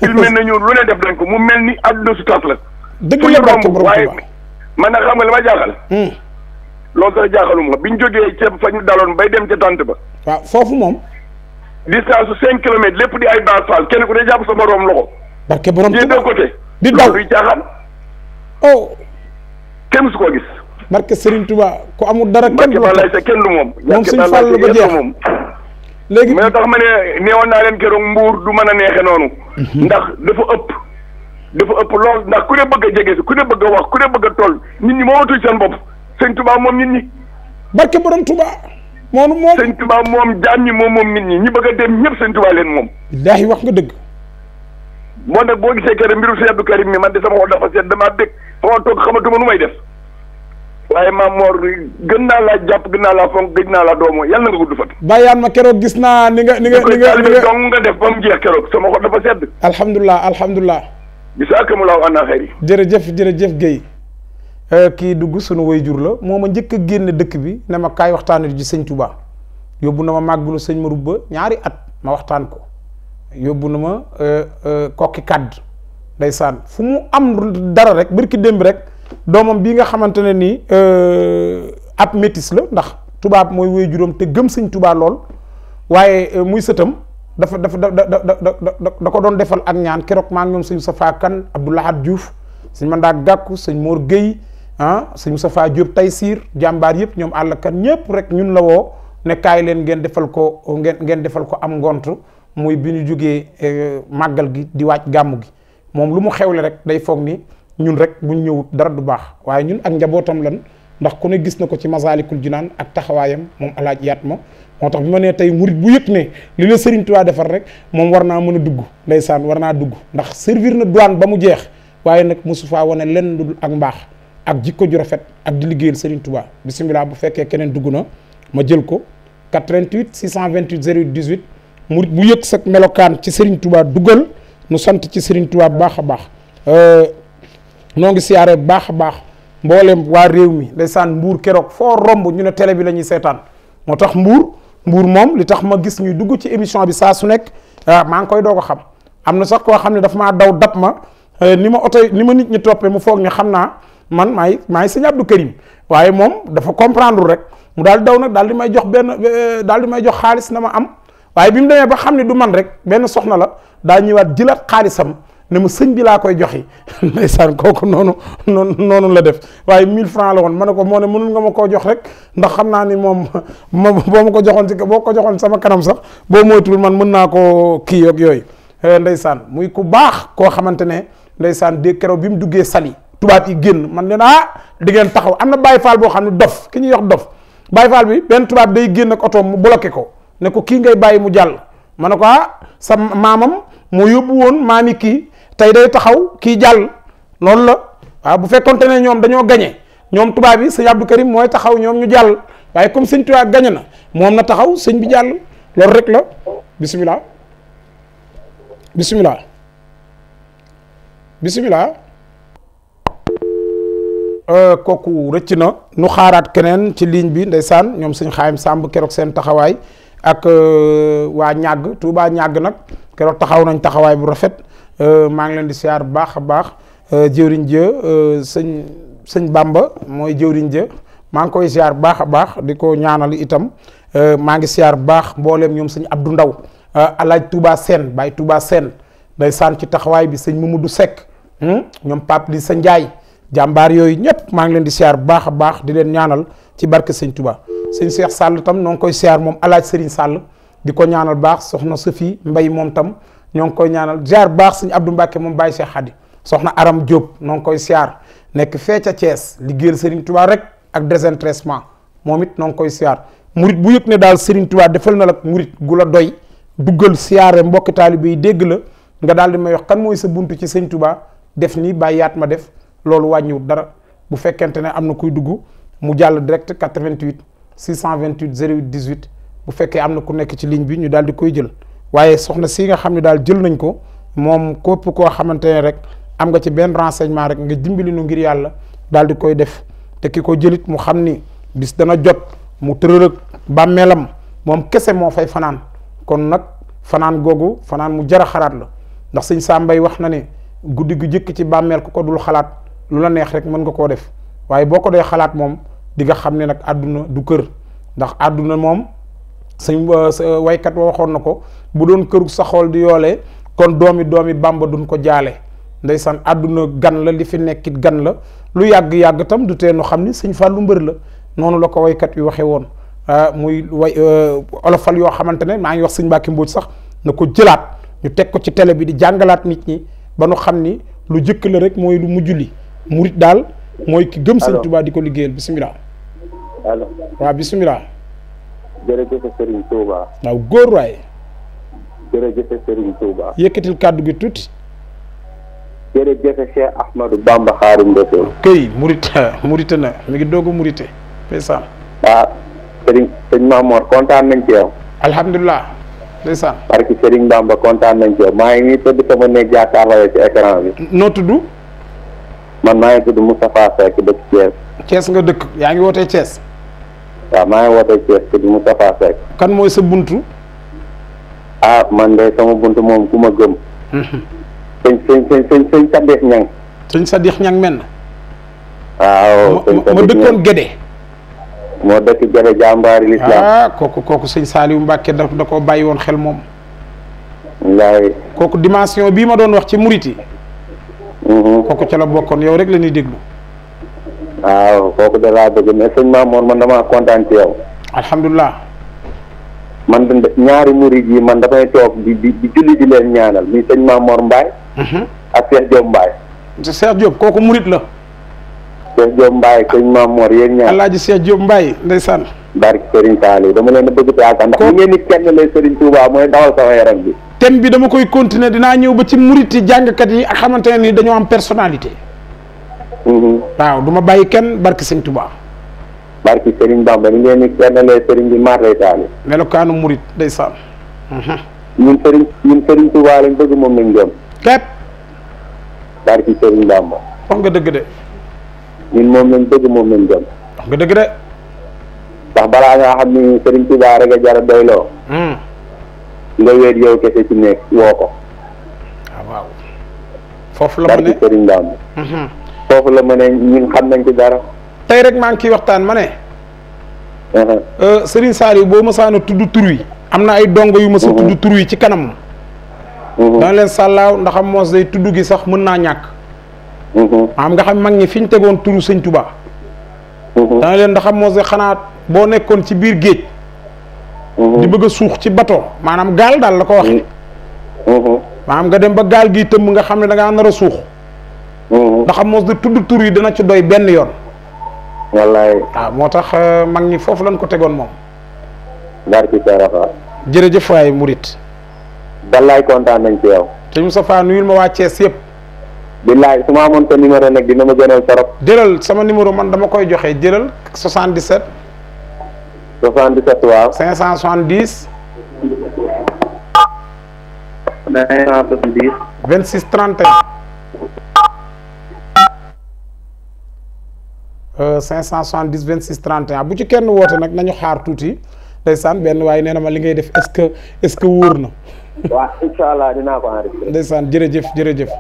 filmé nañu lu ne def nañ ko mu mel ni àdduna su tas la. dëgg la barke borom waaye man nag xam nga li ma jaaxal. Hmm. loolu sax jaaxaluma bi ñu jógee ceeb fa ñu daloon bay dem ca tànt ba. waaw foofu moom. distance 5 km. kilomètres lépp di ay base faal kenn ku ne jàpp sama room loxo. barke borom ci deux côté. di daw loolu du oh. kenn su ko gis. barke Serigne Touba ku amul dara. kenn du moom moom suñ fàll ba jeex moom. léegi mais tax ma ne neewoon naa leen keroog mbuur du man a neexe noonu. Mhm. ndax dafa ëpp. dafa ëpp lool ndax ku ne bëgg a jege si ku ne bëgg a wax ku ne bëgg a tool nit ñi moomatuñ seen bopp sëñ Touba moom nit ñi. barke borom Touba. moom moom sëñ Touba moom jaam ñi moom moom nit ñi ñi bëgg a dem ñëpp sëñ Touba leen moom. billaahi wax nga dëgg. moo nag boo gisee keroog mbiru si Abdou Karim mi man de sama xol dafa seet damaa dégg foo toog xamatuma nu may def. waaye maam moo Mor gën naa laa jàpp gën naa laa fonk gëj naa laa doomoo yàlla nga gudd fan. bàyyaan ma keroog gis naa ni nga ni nga ni nga ni dong nga def ba mu jeex keroog sama xol dafa sedd. alhamdulilah alhamdulilah. jërëjëf jërëjëf Guèye. Euh, kii dugg sunu jur la moo ma njëkk a génn dëkk bi ne ma kaay waxtaanee ji sëñ Touba yóbbu na ma màggalu sëñ Marouba ñaari at ma waxtaan ko yóbbu na ma euh, euh, kokki kàdd ndeysaan fu mu am dara rek barki démb rek. domam bi nga xamantene ni euh ab métis la ndax tubaab moy woy jurom te gem seigne Tuubaa lol waye euh, muy seutam dafa dafa da ko defal ak ñaan kérok ma ngi seigne safa kan abdullah Diouf Manda Gàkku seigne Mor Guèye han seigne safa Diop taysir jambar yep ñom àll kan ñep rek ñun la wo ne kay leen ngeen defal ko ngeen ngeen defal ko am ngontu muy biñu joggé euh, magal gi di wacc gamu gi mom lu mu xewle rek day fogg ni. ñun rek buñ ñëw dara du baax waaye ñun ak njabootam lan ndax ku ne gis na ko ci Masaalikul Jinaan ak taxawaayam moom alaaj yaat ma moo tax bi ma nee tey murit bu yëg ne li la Serigne Touba defar rek moom war naa mën a dugg ndeysaan war naa dugg ndax servir na douane ba mu jeex waaye nag mosu faa wane lenn lu dul ak mbaax ak jikko ju rafet ak di liggéeyal Serigne Touba bisimilah bu fekkee keneen dugg na ma jël ko 88 628 08 18 murit bu yëg sa melokaan ci Serigne Touba duggal nu sant ci Serigne tubaa bu baax a baax. Euh, noo ngi siyaare baax a baax mboolem waa réew mi ndeysaan mbuur keroog foo romb ñu ne tele bi la ñuy seetaan moo tax mbuur mbuur moom li tax ma gis ñuy dugg ci émission bi saa su nekk ah, maa ngi koy doog a xam am na sax koo xam ne dafa maa daw dab ma eh, ni ma oto ni ma nit ñi toppee mu foog ne xam naa man maay maay sëñ Abdou Karim waaye moom dafa comprendre rek mu daal daw nag daal di may jox benn eh, daal di may jox xaalis na ma am waaye bi mu demee ba xam ne du man rek benn soxna la daa ñëwaat jilaat xaalisam. ne ma sëñ bi laa koy joxe ndeysaan kooku noonu noonu noonu la def waaye 1000 francs la woon ma ne ko moo ne mënul nga ma koo jox rek ndax xam naa ni moom ma boo ma ko joxoon ci boo ko joxoon sama kanam sax boo moytul man mën naa koo kii yoog yooyu eh, ndeysaan muy ku baax koo xamante ne ndeysaan de keroog bi mu duggee sali tubaab yi génn man leen ah di ngeen taxaw am na Baye Fall boo xam ne dof ki ñuy yox dof Baye Fall bi benn tubaab day génn ak otoom mu bloqué ko ne ko kii ngay bàyyi mu jàll ma ne ko ah sa maamam moo yóbbu woon maami kii tey day taxaw kii jàll loolu la waaw bu fekkonte ne ñoom dañoo gañe ñoom tubaab yi sëñ Abdou Karim mooy taxaw ñoom ñu jàll waaye comme sëñ tubaab gañe na moom na taxaw sëñ bi jàll loolu rek la bisimilah bisimilah bisimilah euh, kooku rëcc na nu xaaraat keneen ci ligne bi ndeysaan ñoom sëñ Xaayim Sàmb keroog seen taxawaay ak euh, waa ñàgg Touba ñàgg nag keroog taxaw nañ taxawaay bu rafet Euh, maa ngi leen di siyaar baax a baax euh, jëwriñ jë euh, sëñ sëñ Bamba mooy jëwriñ jë maa ngi koy siyaar baax a baax di ko ñaanal itam maa ngi siyaar baax mbooleem ñoom sëñ Abdou Ndaw alaaj tubaa Sène baay tubaa seen day saan ci taxawaay bi sëñ du sekk hmm? ñoom Pape li sa Ndiaye jàmbaar yooyu ñëpp maa ngi leen di siyaar baax a baax di leen ñaanal ci barke sëñ tubaa sëñ Cheikh sàll tam noo ngi koy siyaar moom alaaj Serigne Sall di ko ñaanal baax soxna sa Sophie mbay moom tam ñong koy ñaanal ziar baax sëñ Abdou mbake mom Baye Cheikh hadi soxna Aram Diop ñong koy siar nek fee ca Thiès liggéeyal Serigne Touba rek ak désintéressement momit ñong koy siar mourid bu yëg ne daal Serigne Touba defal na la mourid gu la doy duggal siaré mbokki talibé dégg la nga dal di may wax kan moy sa buntu ci sëñ Touba def nii bàyyaat ma def lolou wañu dara bu fekkente ne amna kuy duggu mu jall direct 88 628 08 18 bu fekke amna ku nek ci ligne bi ñu dal di koy jël waye soxna si nga xamni dal jël nañ ko mom képp koo rek am nga ci ben renseignement rek nga dimbali nu ngir yalla dal di koy def te kiko ko jëlit mu xamni bis dana jot mu tërërëg bàmmeelam mom kese mo fay fanan kon nak fanan gogu fanan mu jara xarat la ndax seigne sambay wax na ne guddi gu jëk ci ko ko dul xalat lu la neex rek mën nga ko def waye boko doy xalat mom di nga xamni nak aduna du keur ndax aduna mom seigne euh, way kat waxon nako bu doon sahul xol di yoolee kon doomi doomi bamba duñ ko jaale ndaysan aduna gan la li fi nekkit gan la lu yag yag tam du teenu xam ni sëñ Fàllu mbër la nonu la ko waykat yu waxe ah muy way euh, olofal yo xamantene ma ngi wax sëñ Mbàkke Mbuuj sax nako jilat ñu tek ko ci télé bi di jangalat nit ñi ba nu xamni lu jëkk la rek moy lu murit daal ki gëm sëñ Tuubaa diko liggéeyal bisimilah allo bismillah jere jërëjëf naw gor way jërëjëf Serigne Touba. yëkkatil kàddu gi tuuti. jërëjëf Cheikh Ahmadou Bamba Xaadimu Rasuul. këy murit murite na mi ngi doog a murite. ndeysaan. waaw ah, Serigne sëñ Mamor kontaan nañ ci yow. alhamdulilah. ndeysaan. parce que Serigne Bamba kontaan nañ ci yow maa ngi nii tëdd sama néeg jàkkaarloo ci écran bi. noo tudd. man maa ngi tudd Moustapha Seck dëkk Thiès. Thiès nga dëkk yaa ngi wootee Thiès. waaw maa ngi wootee Thiès tudd Moustapha Seck. kan mooy sa buntu. ah man day sama buntu mom kuma gëm mhm. señ señ señ señ señ sadikh ñang señ sadikh ñang men waaw ah, oh, mo dekkon gede ah, mo dekk gede jambar l'islam ah koku oh, koku señ saliw mbacke da ko bayyi won xel mom wallahi koku dimension bi ma doon wax ci mouriti koku ci la bokkon yow rek ni deglu waaw koku da la bëgg mais señ mamon man dama contane ci yow alhamdullah man dund ñaari mourid yi man damay tok di di julli di len ñaanal muy sëñ Mamor Mbaye mhm. ak Cheikh Diop Mbaye Cheikh Diop koku mourid la Cheikh Diop Mbaye sëñ Mamor yéen ñaar alaaji Cheikh Diop Mbaye ndeysaan barke Serigne Saliou dama leen bëgg taaka ndax ngeen ni kenn lay Serigne Touba moy dawal sama yaram bi tem bi dama koy continuer dina ñew ba ci mourid ci jang kat yi ak xamante ni dañu am personnalité mhm. waaw du ma bàyyi kenn barke Serigne Touba barki Serigne Bamba ni ngeen ni kennalee Serigne bi maar lay taali melokaanu murit ndeysaan mhm. ñun Serigne ñun Serigne Touba lañ bëgg moom lañ gëm képp barki Serigne Bamba wax nga dëgg de ñun moom lañ nga dëgg de ndax balaa nga xam ni Serigne Touba rek a jar a doyloo mhm. nga wéet yow kese ci nekk woo ko ah, mhm. foofu la ma ne ñun xam nañ ci dara tey rek maa ngi ciy waxtaan ma ne. Uh-huh. Uh, Serigne yi boo mësaan a tudd tur wi am na ay dongo yu mësa uh-huh. tudd tur wi ci kanam. Uh-huh. dana leen sàllaaw ndax am moos day tudd gi sax mën naa ñàkk. maam nga xam mag ñi fi tegoon turu sëñ leen ndax am moos day boo nekkoon ci biir géej. bëgg a ci bato maanaam gaal daal la ko waxee. nga dem ba gaal gi tëmb nga xam ne da ngaa nar a suux. ndax am moos de tudd tur yi dana ci doy benn yoon. wallaay ah moo tax euh, mag ñi foofu lañ ko tegoon moom barki sarafa jërëjëf waay murit wallaay kontaan nañ ci yow te Moustapha nuyul ma waa Thiès yëpp billaay su ma amoon sa numéro nag dina ma gënal torop jëlal sama numéro man dama koy joxe jëlal 77 77 waaw 570 570 26 31 570 26 31 bu ci kenn woote nag nañu xaar tuuti ndeysaan benn waaye nee na ma li ngay def est-ce que est-ce que wóor na. waaw incha allah dinaa ko enregistré. ndeysaan jërëjëf jërëjëf.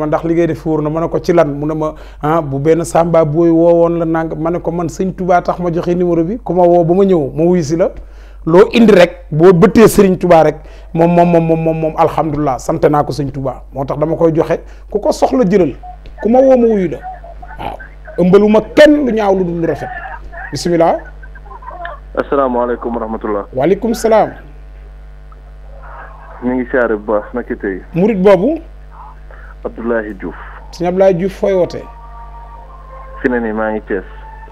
ma ndax li ngay def na ci lan ah bu benn sàmba booy la nang ma man sëñ Touba tax ma joxe numéro bi ku ma woo ba ma ñëw la. indi rek boo bëttee Serigne Touba rek moom moom moom moom moom alhamdulilah Touba dama koy soxla jëlal kuma ma woo wuyu la waaw ëmbaluma kenn lu ñaaw lu rafet bismillah asalaamaaleykum wa rahmatullah waaleykum salaam ñu ngi siyaare bu baax naka tey murit boobu abdoulahi diouf sëñ abdullah diouf fooy wootee fi ne nii maa ngi Thiès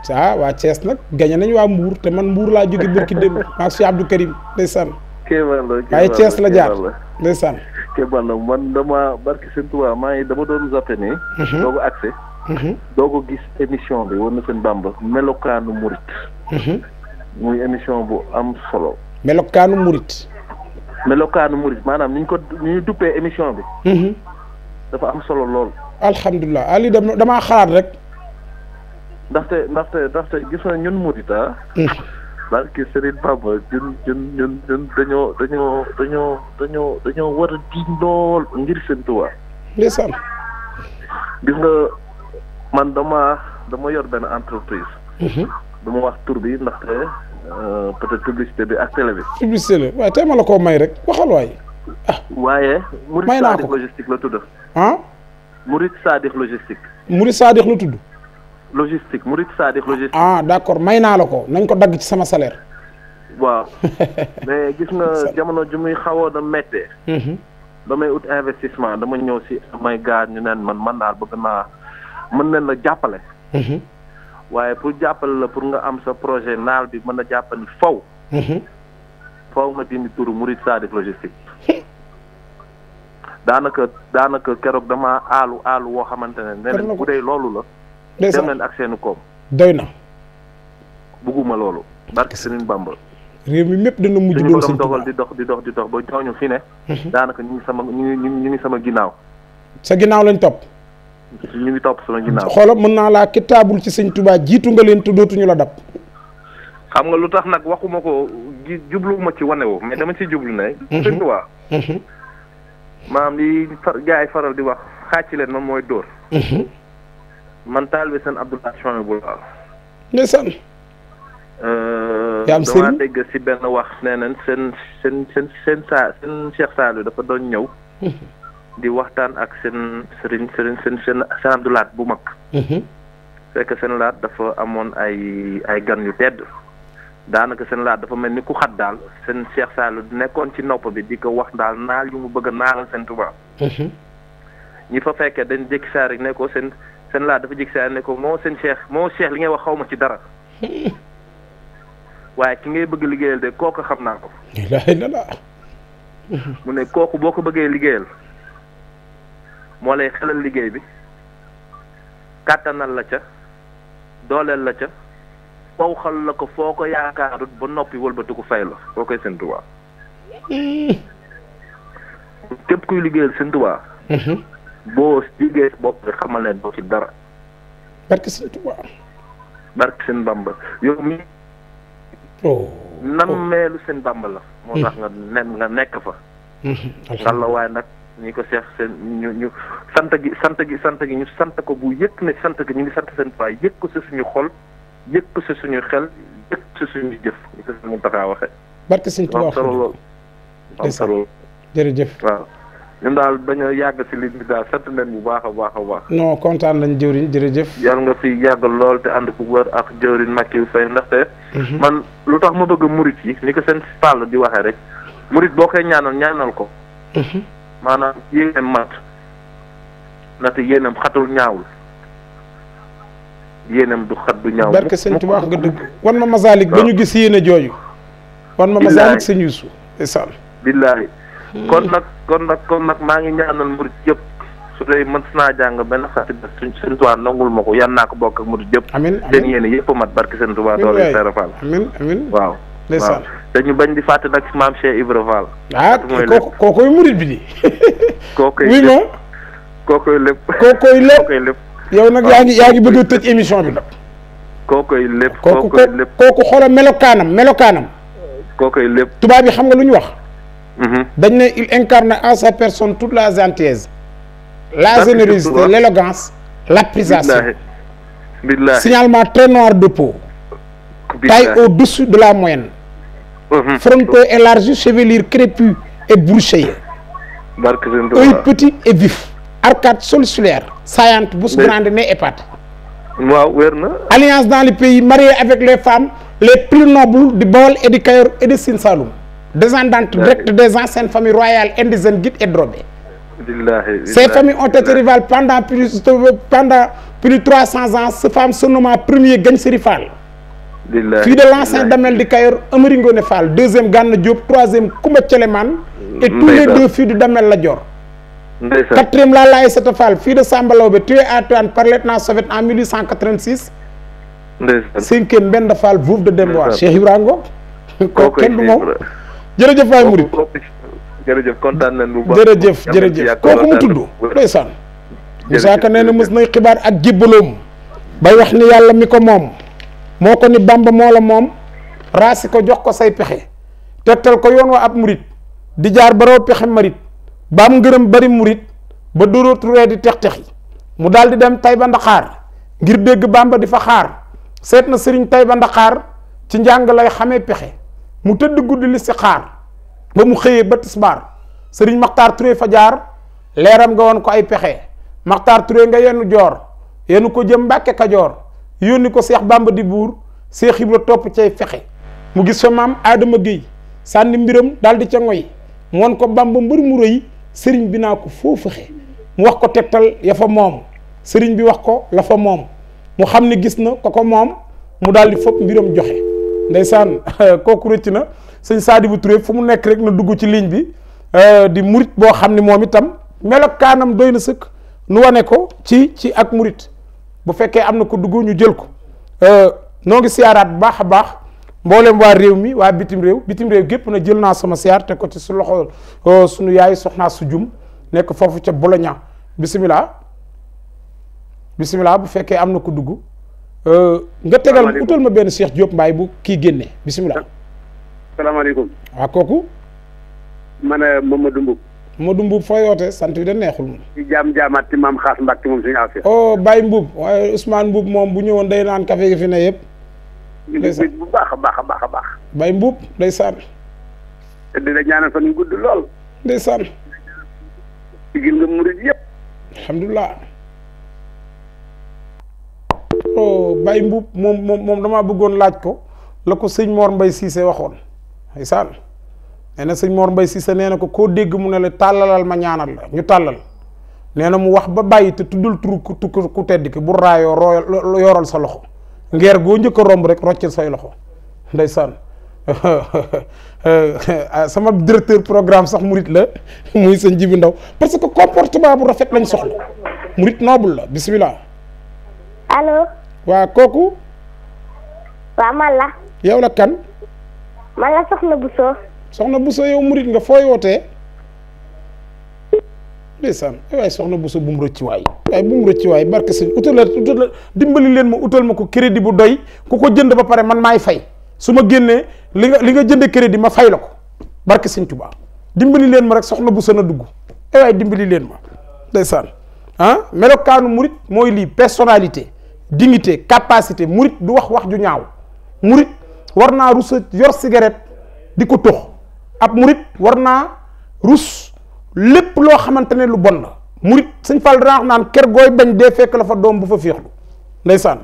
sa wa Thiès nak gañe nañ wa Mbour te man Mbour la jóge barki démb ak cheikh Abdou Karim ndeysaan kéemal la waaye Thiès la jaar ndeysaan barke Balla man dama barke seen Tuubaa maa ngi dama doon zappe nii. Mhm. doo ko accès. Mhm. doo ko gis émission bi war na seen Bàmba melokaanu murit. Mhm. muy émission bu am solo. melokaanu murit. melokaanu murit maanaam ni ñu ko ni ñu duppee émission bi. dafa am solo lool. alhamdulilah Ali dama damaa xalaat rek. ndaxte ndaxte ndaxte gis na ñun murit ah. barke Serigne Bamba ñun ñun ñun ñun dañoo dañoo dañoo dañoo dañoo war a diñ lool ngir seen Tuubaa ndeysaan gis nga man dama dama yor benn entreprise mhm. dama wax tur bi ndaxte euh, peut-être bi ak télé bi publicité la waaye tey ma la koo may rek waxal waaye ah waaye Mouride Sadikh logistique la tudd ah Mouride Sadikh logistique Mouride Sadikh la tudd logistique Mouride Sadikh logistique. ah d' accord may naa la ko nañ ko dagg ci sama salaire. waaw mais gis nga jamono ju muy xawoon a méttee. ba mhm. may ut investissement dama ñëw si may gaar ñu neen man man daal bëgg naa mën nañ la jàppale. Mhm. waaye pour jàppale la pour nga am sa projet naal bi mën a jàppandi faw. Mhm. fow nga dindi turu Mouride Sadikh logistique. daanaka daanaka keroog dama aalu aalu woo xamante ne. nee bu dee loolu la. dem leen ak seenu koom doy na bugguma loolu barke Serigne Bamba réew mi mépp dana mujj doon sëñ dogal di dox di dox di dox ba ñooñu fi ne mhm. daanaka ñu ngi sama ñu ngi ñu ngi sama ginnaaw sa ginnaaw lañ topp ñu ngi topp sama ginnaaw xoola mën naa laa kitaabul ci sëñ Touba jiitu nga leen te dootuñu la dab xam nga lu tax nag waxuma ko jubluwuma ci wanewu mais dama ci jublu ne mhm. sëñ Touba mhm. maam li gars yi faral di wax xàcc leen moom mooy dóor man taal bi seen Abdoulaye Chouin bu la. ndeysaan. Euh, yaa damaa dégg si benn wax nee nañ seen seen seen seen saa seen dafa doon ñëw. waxtaan ak seen sëriñ sëriñ seen seen seen Abdoulaye bu mag. Mhm. fekk seen laat dafa amoon ay ay gan yu tedd. daanaka seen laat dafa mel ni ku xat daal seen Cheikh Saliou nekkoon ci nopp bi di ko wax daal naal yu mu bëgg a naalal seen tubaab. Mhm. ñi fa fekkee dañ jékki saa nekkoo seen. seen laa dafa jig saa ne ko moo seen cheikh moo cheikh li ngay wax xaw ma ci dara waaye ki ngay bëgg liggéeyal de kooku xam naa ko. mu ne kooku boo ko bëggee liggéeyal moo lay xelal liggéey bi kàttanal la ca dooleel la ca faw xal la ko foo ko yaakaarut ba noppi wëlbatiku fay la foo koy seen tubaab hmm. képp kuy liggéeyal seen tubaab hmm. boo jógee bopp bi xamal ne doo ci dara. barke sëñ Tuubaa. barke sëñ Bamba yow mi oh. nan oh. meelu sëñ la. moo tax nga nen nga nekk fa. Mm-hmm. alhamdulilah la waaye nag ñi ko seex seen ñu ñu sant gi sant gi sant gi ñu sant ko bu yëg ne sant gi ñu ngi sant seen Tuubaa yëg ko si suñu xol yëg ko si suñu xel yëg ko si suñu jëf ñu ko si suñu taxaa waxee. barke sëñ Tuubaa am solo lool am waaw. ñun daal dañoo yàgg si ligne bi daal sant leen bu baax a baax a baax. non kontaan lañ jëwriñ jërëjëf. yàlla nga fi yàgg lool te ànd ku wër ak jëwriñ Macky Faye ndaxte. Mhm. man lu tax ma bëgg murit yi ni ko seen Fall di waxee rek murit boo koy ñaanal ñaanal ko. Mhm. maanaam yéeneem mat na te yéeneem xatul ñaawul yéeneem du xat du ñaawul. barke sëñ Tuubaa nga dëgg wan ma masaalik ba ñu gis yéene jooju. wan ma masaalik sëñ Yuusu. billaay kon mhm. nag. kon nag kon nag maa ngi ñaanal murid yëpp su dee mën naa jàng benn xasida suñ suñ Tuubaa nangul ma ko yan naa ko bokk ak murid yëpp. amiin amiin yëpp mat barki seen Tuubaa doole Seera Fall. amiin amiin waaw. ndeysaan dañu bañ di fàtte nag maam Cheikh Ibra Fall. ah kooku kookoy murid bi di. kookoy lépp oui kookoy lépp. kookoy nag yaa ngi yaa ngi bëgg a tëj émission bi nag. kookoy lépp kookoy lépp kooku kooku xoolal melokaanam melokaanam. kookoy lépp tubaab yi xam nga lu ñu wax. Mhm. Ben, il incarne en sa personne toute la gentillesse la générosité l'élégance présence, signalement très noir de peau taille au-dessus de la moyenne mhm. fronté élargi, chevelure crépue et bruchées œil petit et vif arcade solitaires saillante bouche grande nez épaté alliance dans le pays mariée avec les femmes les plus nobles du bol et du cailloux et de sinsaloum descendante directe des anciennes familles royales indigènes Guit et Drobé. Ces familles ont été rivales pendant plus, de, pendant plus de 300 ans. Ces femmes sont nommées premier Gansiri Fall. Fille de l'ancien Damel de Kayor, Omringone Fall, deuxième Gan Diop, troisième Koumet Tcheleman, et tous les deux filles de Damel Ladior. Quatrième Lala Esetofal. fille de Sambalobe, tué à Tuan par lieutenant soviet en 1886. Cinquième Bendafal, de Fall, de Demboa, Cheikh Ibrahim. jërëjëf waay mourid jërëjëf contane len bu baax jërëjëf jërëjëf kooku mu tuddu ndeysan musa Ka neena mus nay xibar ak jibulum bay wax ni yalla mi ko mom moko ni Bamba mo la mom rasiko jox ko say pexe tetal ko yon wa ab murid, di jaar baro raw pexe marit ba bari mourid ba doro ree di tex texi mu daldi di dem Tayba Ndaxaar ngir deg Bamba di fa xaar setna serigne sëriñ Tayba Ndaxaar ci njang lay xame pexe mu teud guddi listixaar ba mu xeye ba tisbar serigne maxtaar Touré fadiar leram nga won ko ay pexé maxtaar Touré nga yenu joor yenu ko jëm ka kajoor yoni ko cheikh bamba di buur seex ibra topp cay fexe mu gis fa mam adama géy sànni mbiram daldi di ca ngoy mu won ko bamba mbur mu reuy serigne bina ko foo fexe mu wax ko tegtal ya fa mom serigne bi wax ko la fa mom mu xamni gis na ko ko mom mu daldi fop mbiram ndeysaan kooku rëcc na sëñ Sadibou Touré fu mu nekk rek na dugg ci ligne bi euh, di murit boo xam ne moom itam melokaanam doy na sëkk nu wane ko ci ci ak murit bu fekkee am na ko dugg ñu jël ko euh, noo ngi siyaaraat bu baax a baax mboolem waa réew mi waa bitim réew bitim réew gépp na jël naa sama siyaar te ko ci su loxo euh, sunu yaay soxnaa su jum nekk foofu ca Bologna bisimilah bisimilah bu fekkee am na ko dugg Euh, nga tegal utul ma ben Cheikh Diop Mbaye bu kii bismillah bisimilah. alaykum wa koku mané Mamadou mbou Mamadou mbou foo yoote sant bi da neexul moom. ci jaam jaamaat ci maam xaas Mbacke suñu affaire. oh Baye mbou waaye Ousmane mbou mom bu ñewon day nan café gi fi ne yeb bu baax a baax baax a mbou day sar ndeysaan. la ñaanal fa ñu gudd lool. ndeysaan. digil nga murid yeb alhamdullah ko Baye Mbuub moom moom moom damaa bëggoon laaj ko la ko sëñ moor Mbay Siise waxoon ay saan nee na sëñ moor Mbay Siise nee na ko koo dégg mu ne la tàllalal ma ñaanal la ñu tàllal nee na mu wax ba bàyyi te tuddul tur ku tedd ki bu raayoo rooyal yoral sa loxo ngeer goo njëkk romb rek roccil say loxo nday ndeysaan ah, sama directeur programme sax murit la muy sëñ Jibi Ndaw parce que comportement bu rafet lañ soxla murit noble la bismillah wa koku wa mala. Ya yow la kan. mala la Soxna Bousso. Soxna Bousso yow mouride nga fooy wootee. ndeysaan ay Soxna Bousso bu mu rëcc waay waaye bu mu way waay barke sëñ utal outal dimbali len ma outal mako crédit bu doy kuko jënd ba paré man may fay suma ma li nga li nga jënd crédit ma fay lako ko barke sëñ dimbali len ma rek Soxna Bousso na dugg eh ay dimbali len ma lesan han ah, melokanu mouride moy li personnalité dignité capacité murid du wax wax ju ñaaw murit warna russe rus yor cigarette diko tox ab murit war naa rus lépp loo lu bon la murit seigne Fall danaa nan ker goy bañ dé fekk la fa dom bu fa féexlu ndeysaan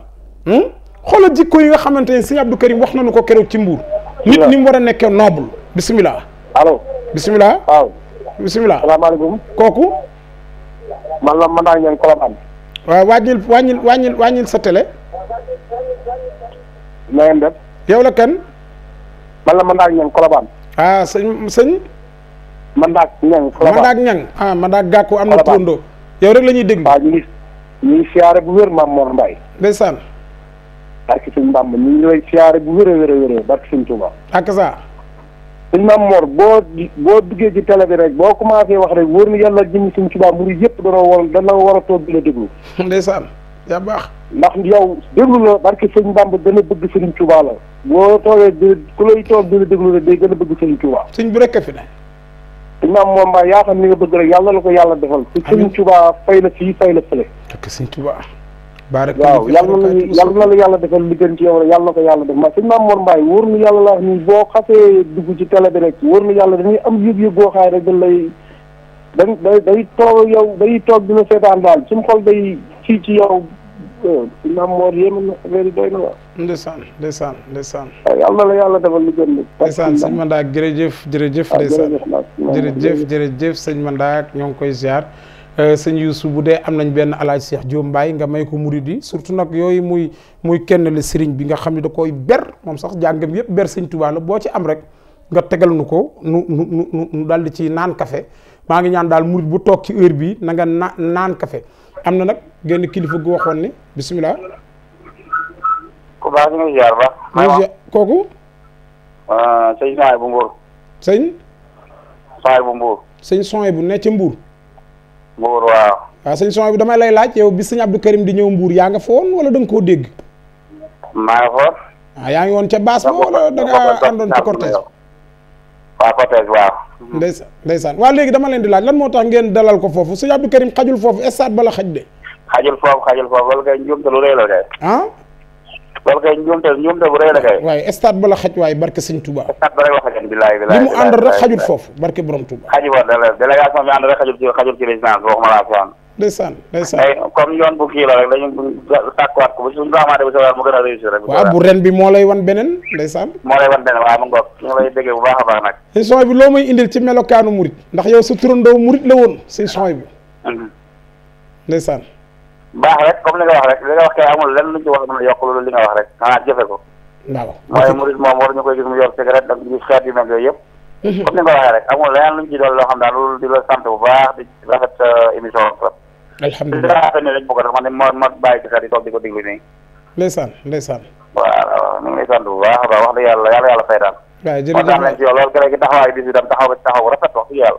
hmm? xoolal jikko yi nga xamantene seigne Abdou Karim wax nañu ko kéro ci mbour nit ni mu war noble bismillah allo bisimilah waaw assalamu alaykum koku man la man naa ñaan Colobane waaw wàññil wàññil wàññil wàññil sa télé. na ngeen def. la kan. man la Mandaak Ñang Kolobaan. ah sëñ sëñ. Mandaak Ñang Kolobaan Mandaak Ñang ah Mandaak Gàkku am na turandoo. yow rek la ñuy déglu waaw ñu ngi ñu ngi siyaare bu wér Maam Mor Mbaye. ndeysaan. barke sëñ Bàmba ñu lay siyaare bu wér a wér a wér barke sëñ Tuuba. ak saa. suñ maam Mor boo boo duggee ci télé bi rek boo commencé wax rek wóor na yàlla jëmm suñ mu muri yëpp dana war dana war a toog di la déglu. ndeysaan yaa baax. ndax yow déglu la barke sëñ Bamba dana bëgg Sëriñ Tuubaa la boo toogee di ku lay toog di la déglu rek day gën a bëgg Sëriñ Tuubaa. sëñ bi rek a fi ne. yaa xam ni nga bëgg rek yàlla la ko yàlla defal. amiin te Sëriñ Tuubaa fay la fii fay la fële. ok Sëriñ Tuubaa. waaw yàlla na yàlla na la yàlla defal li ci yow rek yàlla na ko yàlla def ma sëñ Maam Mor Mbaye wóor na yàlla laa nii boo xasee dugg ci télé bi rek wóor na yàlla dañuy am yëg-yëg boo xaay rek dañ lay dañ day day toog yow day toog dina seetaan daal suñu xol day fii ci yow euh, sëñ Maam Mor yéema na affaire yi doy na waa ndeysaan ndeysaan ndeysaan yàlla na la yàlla defal li gën ndeysaan sëñ Mandaak jërëjëf jërëjëf ndeysaan jërëjëf jërëjëf sëñ Mandaak ñoo ngi koy ziar Euh, sëñ Youssou bu dee am nañ benn alaaj Cheikh Diop Mbaye nga may ko murid yi surtout nag yooyu muy muy kenn la sëriñ bi nga xam ne da koy ber moom sax jàngam yëpp ber sëñ Tuubaa boo ci am rek nga tegal nu ko nu nu nu nu di ci naan kafe maa ngi ñaan daal murid bu toog ci heure bi nanga nga naan kafe am na nag genn kilifa gu waxoon ne bisimilah. ku baax ñu kooku. Ah, sëñ Sonia bu Mbour. sëñ. Sonia bu Mbour. sëñ Sonia bu ne ca Mbour waaw. waaw sëñ bi damay lay laaj yow bi sëñ Abdou Karim di ñëw mbuur yaa nga fa woon danga koo dégg. maa ah, yaa ngi woon ca baas ba wala da nga àndoon ci cortège. waaw cortège mm-hmm. waaw. léegi dama leen di laaj lan moo tax ngeen dalal ko foofu sëñ Abdou Karim xajul foofu stade ba la xaj de. xajul foofu xajul foofu loolu kay njuumte lu rëy la kay. ah. loolu kay njuumte njuumte bu rëy la kay. waaye stade ba la xaj waaye barke sëñ Touba. stade ba rek wax ngeen bilaay bilaay. li mu ànd rek xajul foofu barke bi ànd rek xajul ci xajul ci bu kii la rek bu a réussir ren bi moo lay wan beneen ndeysaan. moo lay wan beneen waaw mu ngoog ñu lay a bi loo may indil ci melokaanu murit ndax yow sa turandoo murit la woon sëñ son bi mm-hmm. ndeysaan baax rek comme li nga wax rek li nga wax kay amul lenn lu ci war a mën a yokk loolu murid mhm. nga ko waxee rek amul leneen lu daal loolu di la sant bu baax di rafet émission bi. alhamdulilah li nga ne lañ bëgg a man ma ma bàyyi ci xel di toog di ko déglu nii. ndeysaan ndeysaan. waaw ñu ngi lay sant bu baax a baax wax dëgg yàlla yàlla yàlla fay daal. waaw jërëjëf kontaan nañ ci yow loolu keroog gi taxawaay bis bi tam taxaw nga ci taxaw bu rafet wax dëgg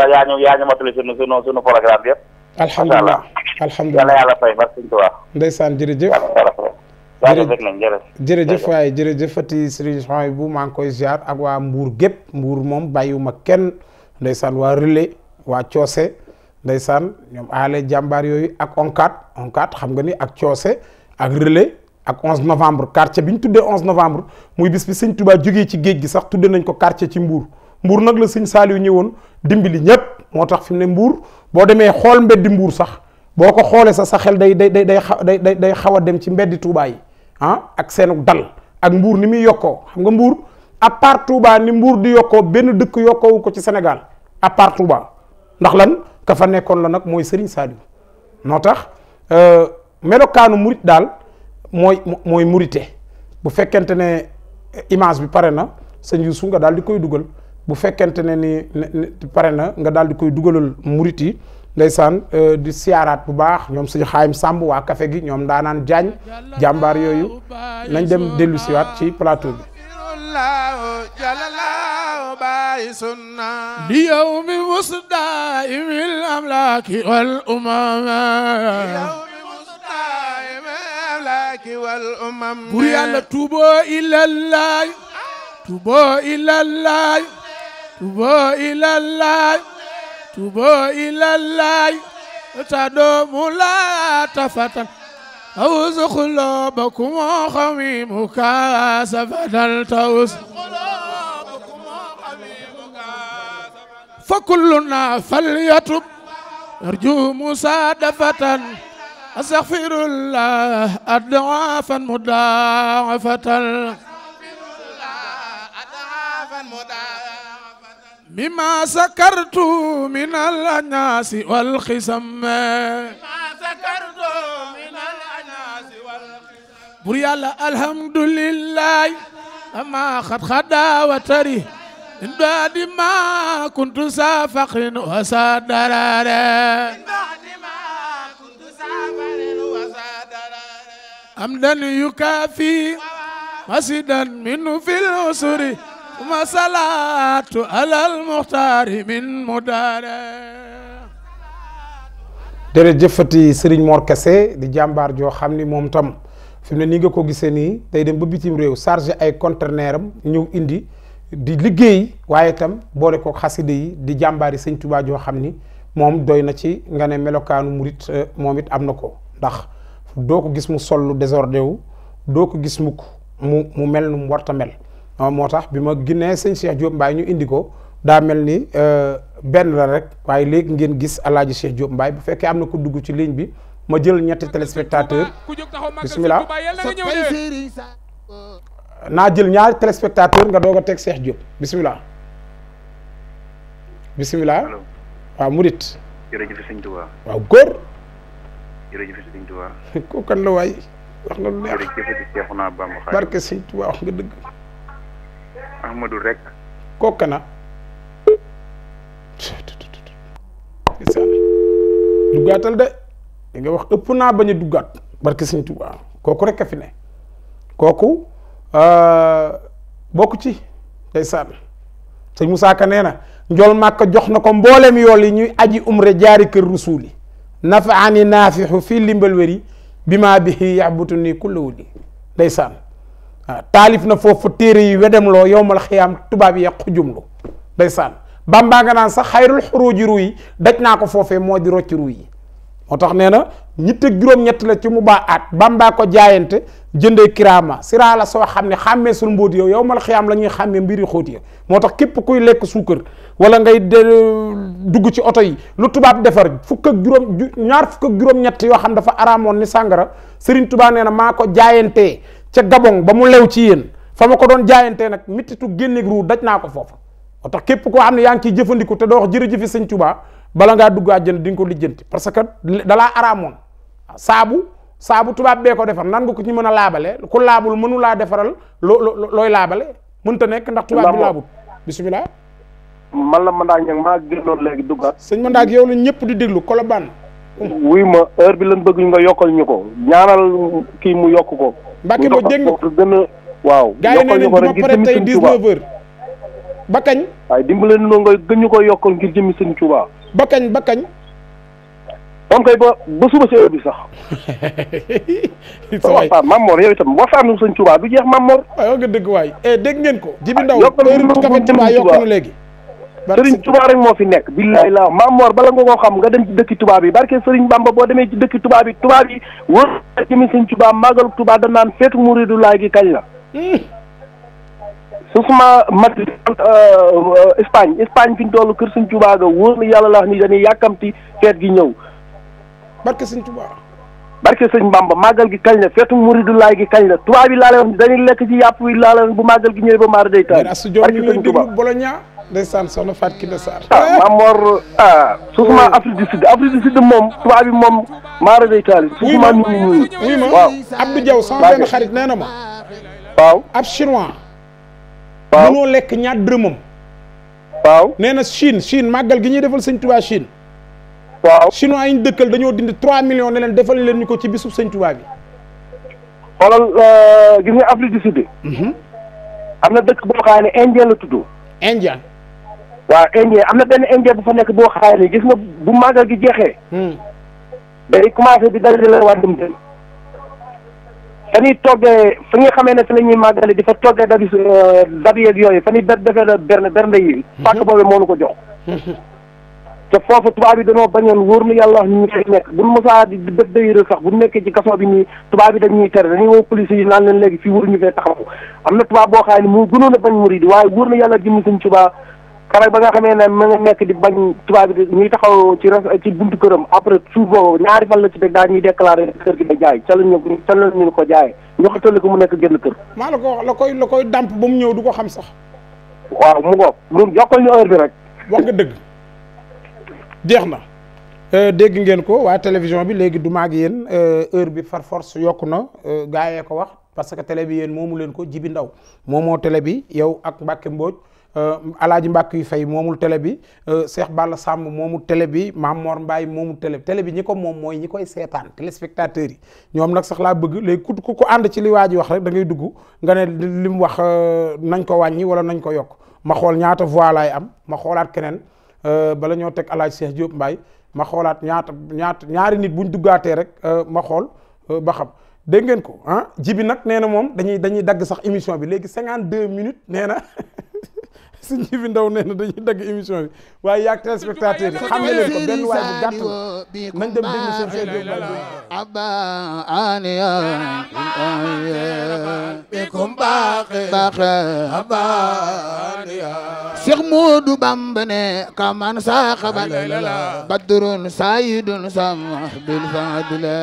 yàlla. ah alhamdulilah alhamdulilah yàlla jërëjëf jërëjëf waaye jërëjëf fati Serigne Souhaïbou bu maa ngi koy ziar ak waa Mbour gépp Mbour moom bàyyiwuma kenn ndeysaan waa Relais waa Coose ndeysaan ñoom aale jàmbaar yooyu ak ONCAT ONCAT xam nga ni ak Coose ak Relais ak 11 novembre quartier bi ñu tuddee 11 novembre muy bis bi sëñ Touba jógee ci géej gi sax tudde nañ ko quartier ci Mbour Mbour nag la sëñ Saliou ñëwoon dimbali ñëpp moo tax fi mu ne mbuur boo demee xool mbeddi mbuur sax boo ko xoolee sa sa xel day day day day day xaw a dem ci mbeddi Touba yi ah, ak seenu dal ak mbuur ni muy yokkoo xam nga mbuur à part Touba ni mbuur di yokkoo benn dëkk yokkoowu ko ci Sénégal à part Touba ndax lan ka fa nekkoon la nag mooy Serigne Saliou noo tax euh, melokaanu murit daal mooy mooy murite bu fekkente ne image bi pare na sa nju su nga daal di koy dugal. bu fekkente ne ni pare na nga daal di koy dugalal murit yi ndeysaan euh, di siyaaraat bu baax ñoom suñu xaayim sàmb waa kafe gi ñoom daanaan jaañ jàmbaar yooyu nañ dem dellu siwaat ci plateau bi بيوم مصدائم الأملاك والأمم والأمم قل يا توبوا إلى الله توبوا توبوا إلى الله توبوا إلى الله تدوم لا تفتن أوز قلوبكم خميم فكلنا فليتب ارجو مسادفة أستغفر الله أضعافا مضاعفة أستغفر الله أضعافا مضاعفة مما سكرت من الأناس والخصم مما سكرت من الأناس والخصم بريا الحمد لله أما خد خدا وتري من بعد ما كنت سافق وسادر من بعد ما كنت سافق وسادر أمدن يكافي مسجدا منه في الأسر ma salaatu alal muxtaari min mu daare jërëjëfati Serigne Mor Kese di jàmbaar joo xam ni moom tam fi mu ne nii nga ko gisee nii day dem ba bitim réew chargé ay conteneur am ñëw indi di liggéey waaye itam boole ko xasida yi di jàmbaari sëñ Tuubaa joo xam ni moom doy na ci nga ne melokaanu murit euh, moom it am na ko ndax doo ko gis mu sollu désordre wu doo ko gis mukk mu mu mel nu mu warta mel Ah, moo tax bi ma ginnee sëñ Cheikh Diop Mbaye ñu indi ko daa mel ni euh, benn la rek waaye léegi ngeen gis alaaji Cheikh Diop mbaay bu fekkee am na ku dugg ci ligne bi ma jël ñetti téléspectateur bismillah naa jël ñaari téléspectateur nga doog a teg Cheikh Diop bismillah bismillah waaw murit waaw góor jërëjëf la waay wax nga lu neex barke sëñ Touba wax nga dëgg Ahmadou rek. kooku na duggaatal de li wax ëpp naa bañ a duggaat barke Sëñ Tuubaa kooku rek a fi kooku euh, bokk ci ndeysaan sëñ Moussa Ka nee na njool màkk jox na ko mboolem yool yi ñuy aji umre jaari kër rusuuli nafaani naafixu fii limbal wéri bi maa bihi yaxbutu nii kullu wuli ndeysaan Ah, taalif na foofu téere yi wedemloo yow mal xiyaam tubaab yi yàqu jumlu ndeysaan bàmbaa nga naan sax xayrul xuruuji ru yi daj naa ko foofee moo di rocci ru yi moo tax nee na ñitt ak juróom-ñett la ci mu baa aat bàmbaa ko jaayante jëndee kiraama siraa soo xam ne xàmmee sul mbóot yow yow mal xiyaam la ñuy xàmmee mbiri xóot ya moo tax képp kuy lekk suukar wala ngay euh, dugg ci oto yi lu tubaab defar fukk juróom ñaar fukk ak yoo xam dafa araamoon ni sàngara Serigne Touba nee na maa ko jaayantee ci gabon ba mu lew ci yeen fa ma ko don jaayante nak mititu génnig ru daj naa ko foofa moo tax képp koo xam ne yaa te doo wax jërëjëfi seigne touba bala nga dugg àjjana ding ko lijeenti parce que la aramon sabu sabu touba be ko defal nan nga ko ci meuna labale ku labul la defaral loy labale munta nek ndax touba bi labul bismillah man la ñang ma maa legi dugga seigne manda ak yow lu ñepp di la ban wuy ma heure bi lañ bëgg ñu nga ñaanal ki mu yok ko Mbacke ba dégg nga gën a waaw gaa yi nee nañ duma pare tey dix ba kañ waaye dimbale noo nga gën ñu ko yokkal ngir jëmi sëñ Tuubaa ba kañ ba kañ moom kay ba ba suba si heure bi sax waaw Mamor yow itam waxtaanu sëñ Tuubaa du jeex Mamor waaw nga dëgg waay eh dégg ngeen ko Jibi ah, Ndaw heure café Tuubaa yokk na léegi sëriñ Tuubaa rek moo fi nekk billaay la Maam Moor bala nga koo xam nga dem ci dëkki tubaab yi barke sëriñ Bamba boo demee ci dëkki tubaab yi tubaab yi wër jëmi sëriñ Tuubaa màggalu Tuubaa da naan feetu muridu laay gi kañ la hmm. su suma mat euh, Espagne ñu toll kër sëriñ Tuubaa ga na yàlla la ni dañuy yàkkamti feet gi ñëw barke sëriñ Tuubaa barke sëriñ Bamba màggal gi kañ la feetu muridu laay gi kañ la tubaab yi laa lay wax ni dañuy lekk ci yàpp wi laa bu màggal gi ñëwee ba maar day taal barke sëriñ Tuubaa ndaysan sonu Fatou Kiné Sarr ah, ma Mor ah surtout Afrique du Sud Afrique du Sud mom tuba bi mom ma day taali surtout ni ni ni waaw Abdou Diaw sama ben xarit nena ma waaw ab chinois waaw mënoo lek ñaar dërëmam waaw nena na Chine Chine màggal gi ñi defal seigne Touba Chine waaw chinois yi ñu dëkkal dañoo dindi trois millions ne defal leen ñuko ci bisub seigne Touba bi xoolal euh, gis nga Afrique du Sud hmm amna dëkk bo xam indien la tuddu indien waaw indien am na benn indien bu fa nekk boo xaar ni gis nga bu màggal gi jeexee. Hmm. day commencé bi dal di la waa dum dem. dañuy toggee fi nga xamee ne fi la ñuy màggale di fa toggee dabi euh, dab yeeg yooyu fa ñuy defee la berne bernde yi. Hmm. pàcc boobu moo nu ko jox. Hmm. te foofu tubaab yi dañoo bañoon wóor na yàlla wax ñu nekk bu nu mosaa di def sax bu nekkee ci kaso bi nii tubaab yi dañuy tere dañuy woo police yi naan leen léegi fii wóor ñu fee taxaw am na tubaab boo xam ne mu gënoon a bañ murid waaye wóor na yàlla jëm sëñ Tuubaa xaral ba nga xamee ne ma nga nekk di bañ tubaab bi ñuy taxaw ci ci buntu këram après suuf boobu ñaari fan la ci teg daal ñuy déclaré kër gi da jaay ca la ñu ca la ñu ko jaayee ñu ko mu nekk génn kër. maa la ko la koy la koy dàmp ba mu ñëw du ko xam sax. waaw mu ngoog loolu yokkal ñu heure bi rek. wax nga dëgg jeex na. Euh, dégg ngeen ko waa télévision bi léegi du maag yéen euh, heure bi far force yokk na euh, gaayee ko wax parce que télé bi yéen moomu leen ko jibi ndaw moomoo télé bi yow ak Mbacke Mbodj. Euh, alaaji mbàkk yu fay moomul télé bi euh, Cheikh Balla sàmm moomul télé bi Mamor Mbaye moomul télé bi télé bi ñi ko moom mooy ñi koy seetaan téléspectateurs yi ñoom nag sax laa bëgg léegi ku ku ànd ci li waa wax rek da ngay dugg nga ne li mu wax euh, nañ ko wàññi wala nañ ko yokk ma xool ñaata voix laay am ma xoolaat keneen bala ñoo teg alaaji Cheikh Diop Mbaye ma xoolaat ñaata ñaata ñaari nit buñ duggaatee rek ma xool ba xam dégg ngeen ko ah ji nag nee na moom dañuy dañuy dagg sax émission bi léegi 52 minutes nee na suñ ji fi ndaw nee na dañuy dagg émission bi waaye yaag téléspectateur yi xam leen ko benn waay bu gàtt la bikum baaxe abba aniya Seex Moodu Bamba ne kaman sa xabat badrun sayyidun sam bil fadla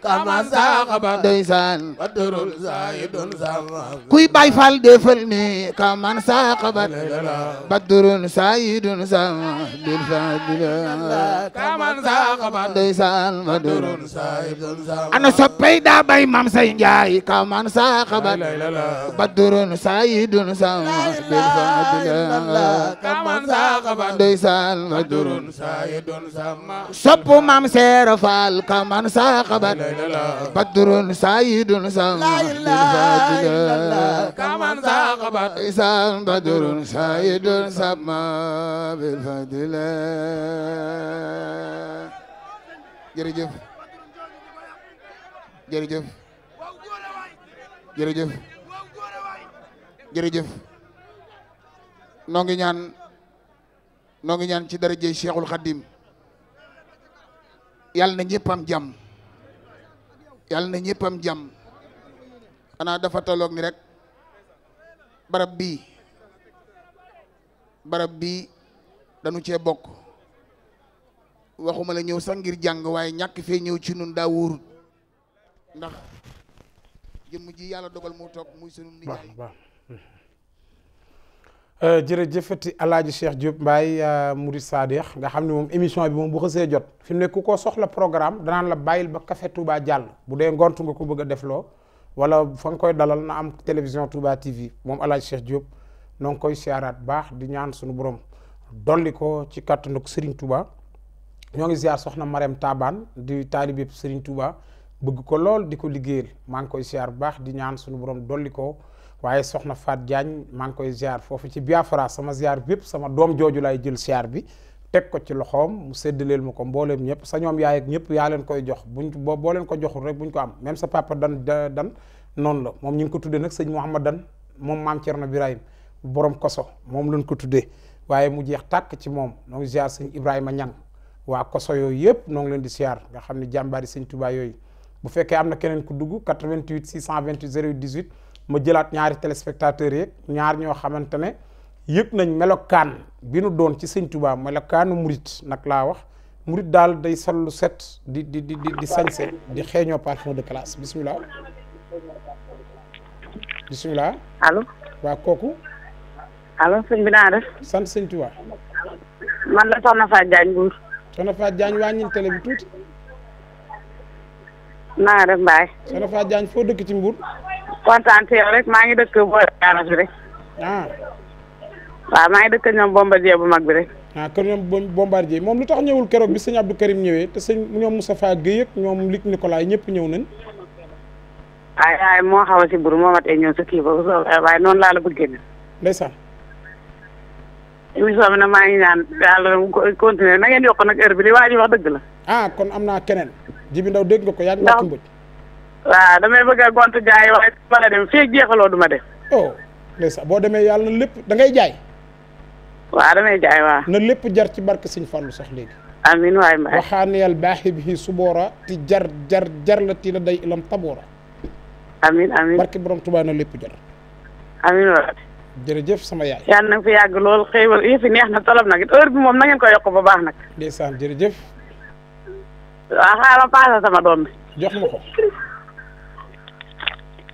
kaman sa xabat deysan badrun sayyidun sam kuy Baay Faal defal ne kaman sa xabat badrun sayyidun sam bil fadla kaman sa xabat deysan badrun sayyidun sam ana soppey da bay Mam Say Njaay kaman sa xabat badrun sayyidun sam bil fadla kaman saaxaban ndeysaan ma durun saayidun sama soppu maam seera faal kaman saaxaban badurun saayidun sama kaman saaxaban ndeysaan badurun saayidun sama bil fadila jërëjëf jërëjëf jërëjëf jërëjëf noo ñaan noo ñaan ci daraje Cheikhul Khadim yàlla na ñëpp am jàmm yàlla na ñëpp am jàmm xanaa dafa tolloog ni rek barab bi barab bi dañu cee bokk waxuma la ñëw sax ngir jàng waaye ñàkk fee ñëw ci nun daa wóorut ndax jëmm ji yàlla dogal mu toog muy sunu nijaay Euh, jërëjëfati alaaji Cheikh Diop Mbaye euh, Murid Sadex nga xam ne moom émission bi moom bu xësee jot fi mu ne ku ko soxla programme danaan la bàyyil ba Café Touba jàll bu dee ngont nga ko bëgg a defloo wala fa koy dalal na am télévision Touba TV moom alaaji Cheikh Diop noo ngi koy siyaaraat baax di ñaan suñu borom dolli ko ci kàttanu Serigne Touba ñoo ngi ziar soxna Marème Taban di taalibe Serigne Touba bëgg ko lool di ko liggéeyal maa ngi koy siyaar baax di ñaan suñu borom dolli ko. waaye soxna Faat Diagne maa ngi koy ziar foofu ci Biafra sama ziar bépp sama doom jooju laay jël ziar bi teg ko ci loxoom mu séddaleel ma ko mbooleem ñëpp sa ñoom yaay ak ñëpp yaa leen koy jox bu boo boo leen ko joxul rek buñ ko am même sa papa dan dan noonu la moom ñu ngi ko tuddee nag sëñ Mouhamad dan moom maam Thierno Birahim borom koso moom lañ ko tuddee waaye mu jeex tàkk ci moom noo ngi ziar sëñ Ibrahima ñan waa koso yooyu yëpp noo ngi leen di ziar nga xam ne jàmbaari sëñ yooyu bu fekkee am na keneen ku dugg 88 628 08 18 ma jëlaat ñaari téléspectateurs yeeg ñaar ñoo xamante ne yëg nañ melokaan bi nu doon ci sëñ Tuubaa melokaanu murit nag laa wax murit daal day sol lu set di di di di sañse di xeeñoo parfum de classe bisimilah. bisimilah. allo waaw kooku. allo sëñ bi naa def. sant sëñ Tuubaa. man la Soxna Fatou Diagne Mbour. Soxna Fatou Diagne wàññil télé bi tuuti. naa def mbaay. Soxna Fatou Diagne foo dëkk ci Mbour. kontaan ci yow rek maa ngi dëkk boori Daara bi rek. ah. ngi dëkk ñoom Bombardier bu mag bi rek. ah kër ñoom Bombardier moom lu tax ñëwul keroog bi sëñ Abdou Karim ñëwee te sëñ ñoom Moustapha Guèye ak ñoom Luc Nicolaï ñëpp ñëw nañ. ay moo xaw a si buru moo matee ñëw waaye noonu laa la bëggee na. ndeysaan. émission bi nag maa ngi ñaan yàlla continuer na ngeen yokk nag heure bi li waa ji wax dëgg la. ah kon am naa keneen. Jibi Ndaw dégg nga ko yaa ngi waaw damay bëgg a gont jaay waaye mën a dem fii jeexaloo du ma dem. oh boo demee yàlla na lépp da ngay jaay. waa damay jaay waaw. na lépp jar ci barke Sëñ lu sax léegi. amiin waay mbaay baax baaxi bi suboora ti jar jar jar la ti la day ilam taboora. amiin amiin barke borom Tuubaa na lépp jar. amiin waay. jërëjëf sama yaay. yàlla na fi yàgg lool xéewal yëf yi neex na tolop nag it heure bi moom na ngeen ko yokk ba baax nag. ndeysaan jërëjëf. waaw xaaral paasa sama doom bi. jox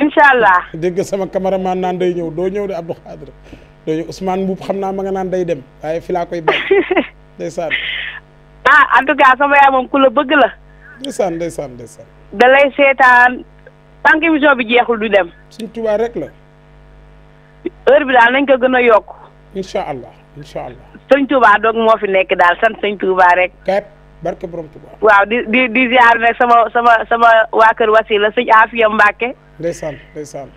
incha allah dégg sama cameraman naan day ñëw doo ñëw de Abdou Khadre doo ñëw Ousmane Mbuub xam naa ma nga naan day dem waaye fi koy bàyyi ndeysaan ah en tout bëgg la ndeysaan ndeysaan ndeysaan da lay seetaan bi jeexul du dem suñ tubaab rek la heure bi daal nañ ko gën a yokk incha allah incha allah sëñ Touba doog moo fi nekk daal sant sëñ Touba rek. képp barke borom waaw di di di ziar sama sama sama waa kër Wasila sëñ Afia ndeysaan ndeysaan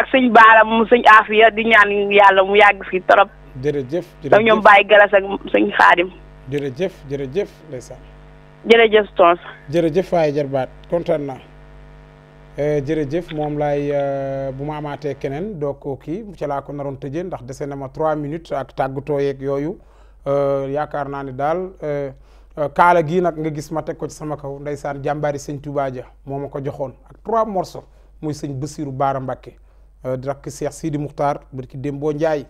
ak sëñ Baara mu sëñ Afia di ñaan yàlla mu yàgg fi torop. jërëjëf jërëjëf ñoom Baye Galas ak sëñ jërëjëf jërëjëf ndeysaan. jërëjëf Tons. jërëjëf waaye jarbaat kontaan naa eh, jërëjëf moom laay eh, bu ma amaatee keneen doo ko kii ca laa ko naroon tëjee ndax dese na ma trois minutes ak tàggatoo yeeg yooyu eh, yaakaar naa ne daal. Euh, kaala gii nag nga gis ma teg ko ci sama kaw ndeysaan jàmbaari sëñ Touba ja moo ma ko joxoon ak trois morceaux muy sëñ Bassirou Baara Mbacke euh, di rakk Cheikh Sidi Muxtaar barki Dembo Ndiaye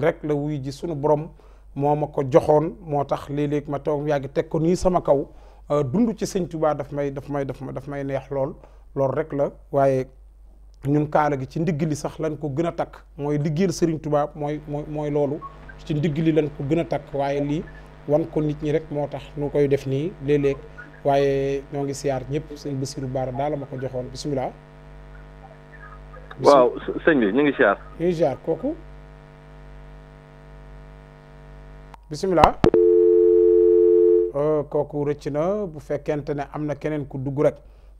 rek la wuy ji sunu borom moo ma ko joxoon moo tax léeg-léeg ma toog yaa teg ko nii sama kaw euh, dund ci sëñ Touba daf may daf may daf may neex lool loolu rek la waaye ñun kaala gi ci ndigg li sax lañ ko gën a takk mooy liggéeyal sëriñ Touba mooy mooy mooy loolu ci ndigg li lañ ko gën a takk waaye lii. wan ko nit ñi rek moo tax nu koy def nii léeg-léeg waaye ñoo ngi siyaar ñëpp sëñ Bassirou Bara daal ma ko joxoon bisimilah. waaw sëñ bi ñu ngi siyaar. ñu ngi siyaar kooku. bisimilah. Euh, kooku rëcc na bu fekkente ne am na keneen ku dugg rek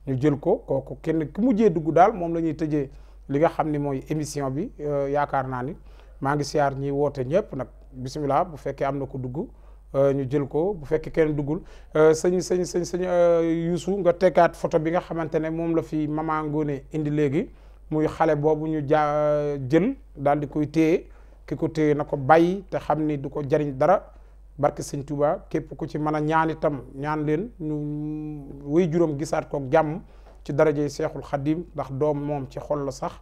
ñu jël ko kooku kenn ku mujjee dugg daal moom la ñuy tëjee li nga xam ni mooy émission bi euh, yaakaar naa ni maa ngi siyaar ñiy woote ñëpp nag bisimilah bu fekkee am na ku dugg. Euh, ñu jël ko bu fekkee kenn duggul euh, sëñ sëñ sëñ sëñ euh, Youssou nga tegaat photo bi nga xamante ne moom la fi Mama Ngoné indi léegi muy xale boobu ñu jaa jël daal di koy téye ki ko téye na ko bàyyi te xam ni du ko jariñ dara barke sëñ Touba képp ku ci mën a ñaan itam ñaan leen ñu wéy juróom gisaat ko jàmm ci darajey Seexul Xadim ndax doom moom ci xol la sax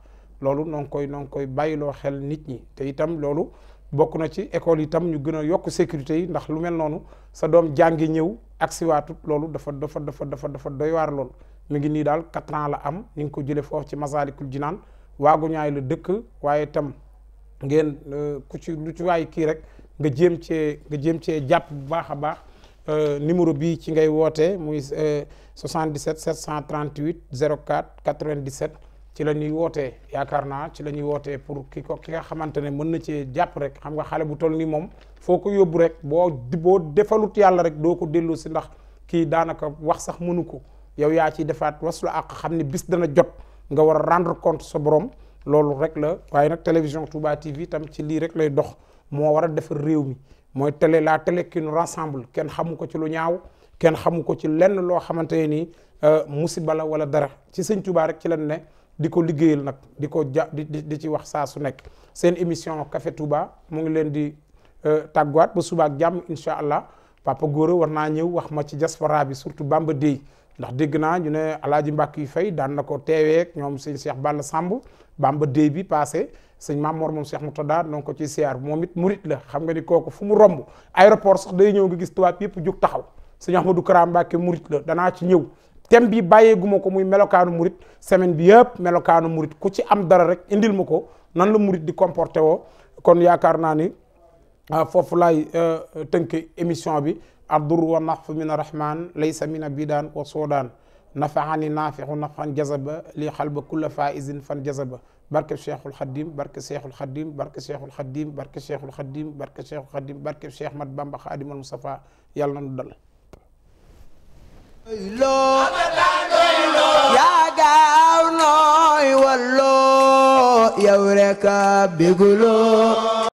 loolu noo ngi koy noo ngi koy bàyyiloo xel nit ñi te itam loolu bokk na ci école yi tam ñu gën a yokk sécurité yi ndax lu mel noonu sa doom jàngi ñëw ak siwaatut loolu dafa dafa dafa dafa dafa doy waar loolu mu ngi nii daal quatre la am ni nga ko jëlee foofu ci Masaalikul Jinaan waagu ñaay la dëkk waaye tam ngeen euh, ku ci lu ci waay kii rek nga jëm cee nga jéem cee jàpp bu baax a baax euh, numéro bii ci ngay wootee muy 77 738 04 97 ci la ñuy wootee yaakaar naa ci la ñuy wootee pour ki ki nga xamante ne mën na cee jàpp rek xam nga bu toll nii moom foo ko yóbbu rek boo boo defalut yàlla rek doo ko dellu si ndax kii daanaka wax sax mënu ko yow yaa ciy defaat waslu ak xam ne bis dana jot nga war a rendre compte sa borom loolu rek la waaye nag télévision Touba TV tam ci lii rek lay dox moo war a defar réew mi mooy télé laa télé qui nous rassemble kenn xamu ko ci lu ñaaw kenn xamu ko ci lenn loo xamante ne nii euh, musiba la wala dara ci sëñ Touba rek ci lañ ne. di ko nak diko di ko ja di di ci wax sa su nek sen émission Café Touba mo ngi len di euh, tàgguwaat bu suba ak jam inshallah allah papa goro warna ñew wax ma ci diaspora bi surtout Bamba Dey ndax deg na ñu ne aladi mbàkk yi fay dan na ko ak ñom seigne Cheikh Balla sambu Bamba Dey bi passé seigne mamour mom Cheikh Moutada non ko ci ciar momit murit la xam nga ni koku fu mu romb aéroport sax day ñew nga gis tubaab yëpp juk taxaw seigne Ahmadou karam murit la dana ci ñew tem bi bàyyeeguma ko muy melokanu mourid semaine bi yeb melokanu mourid ku ci am dara rek indil mako nan la mourid di comporter wo kon yaakaar naa ni foofu laay tënk émission bi abdur wa nahfu min arrahman laysa min bidan wa soodaan nafaani naafixu nafan jazaba li xalba kulla faizin fan jazaba barke cheikhul الخديم barke cheikhul الخديم barke cheikhul الخديم barke cheikhul الخديم barke cheikhul الخديم barke cheikh mat bamba xaadimal mustafa yàlla na yow rek a béguloo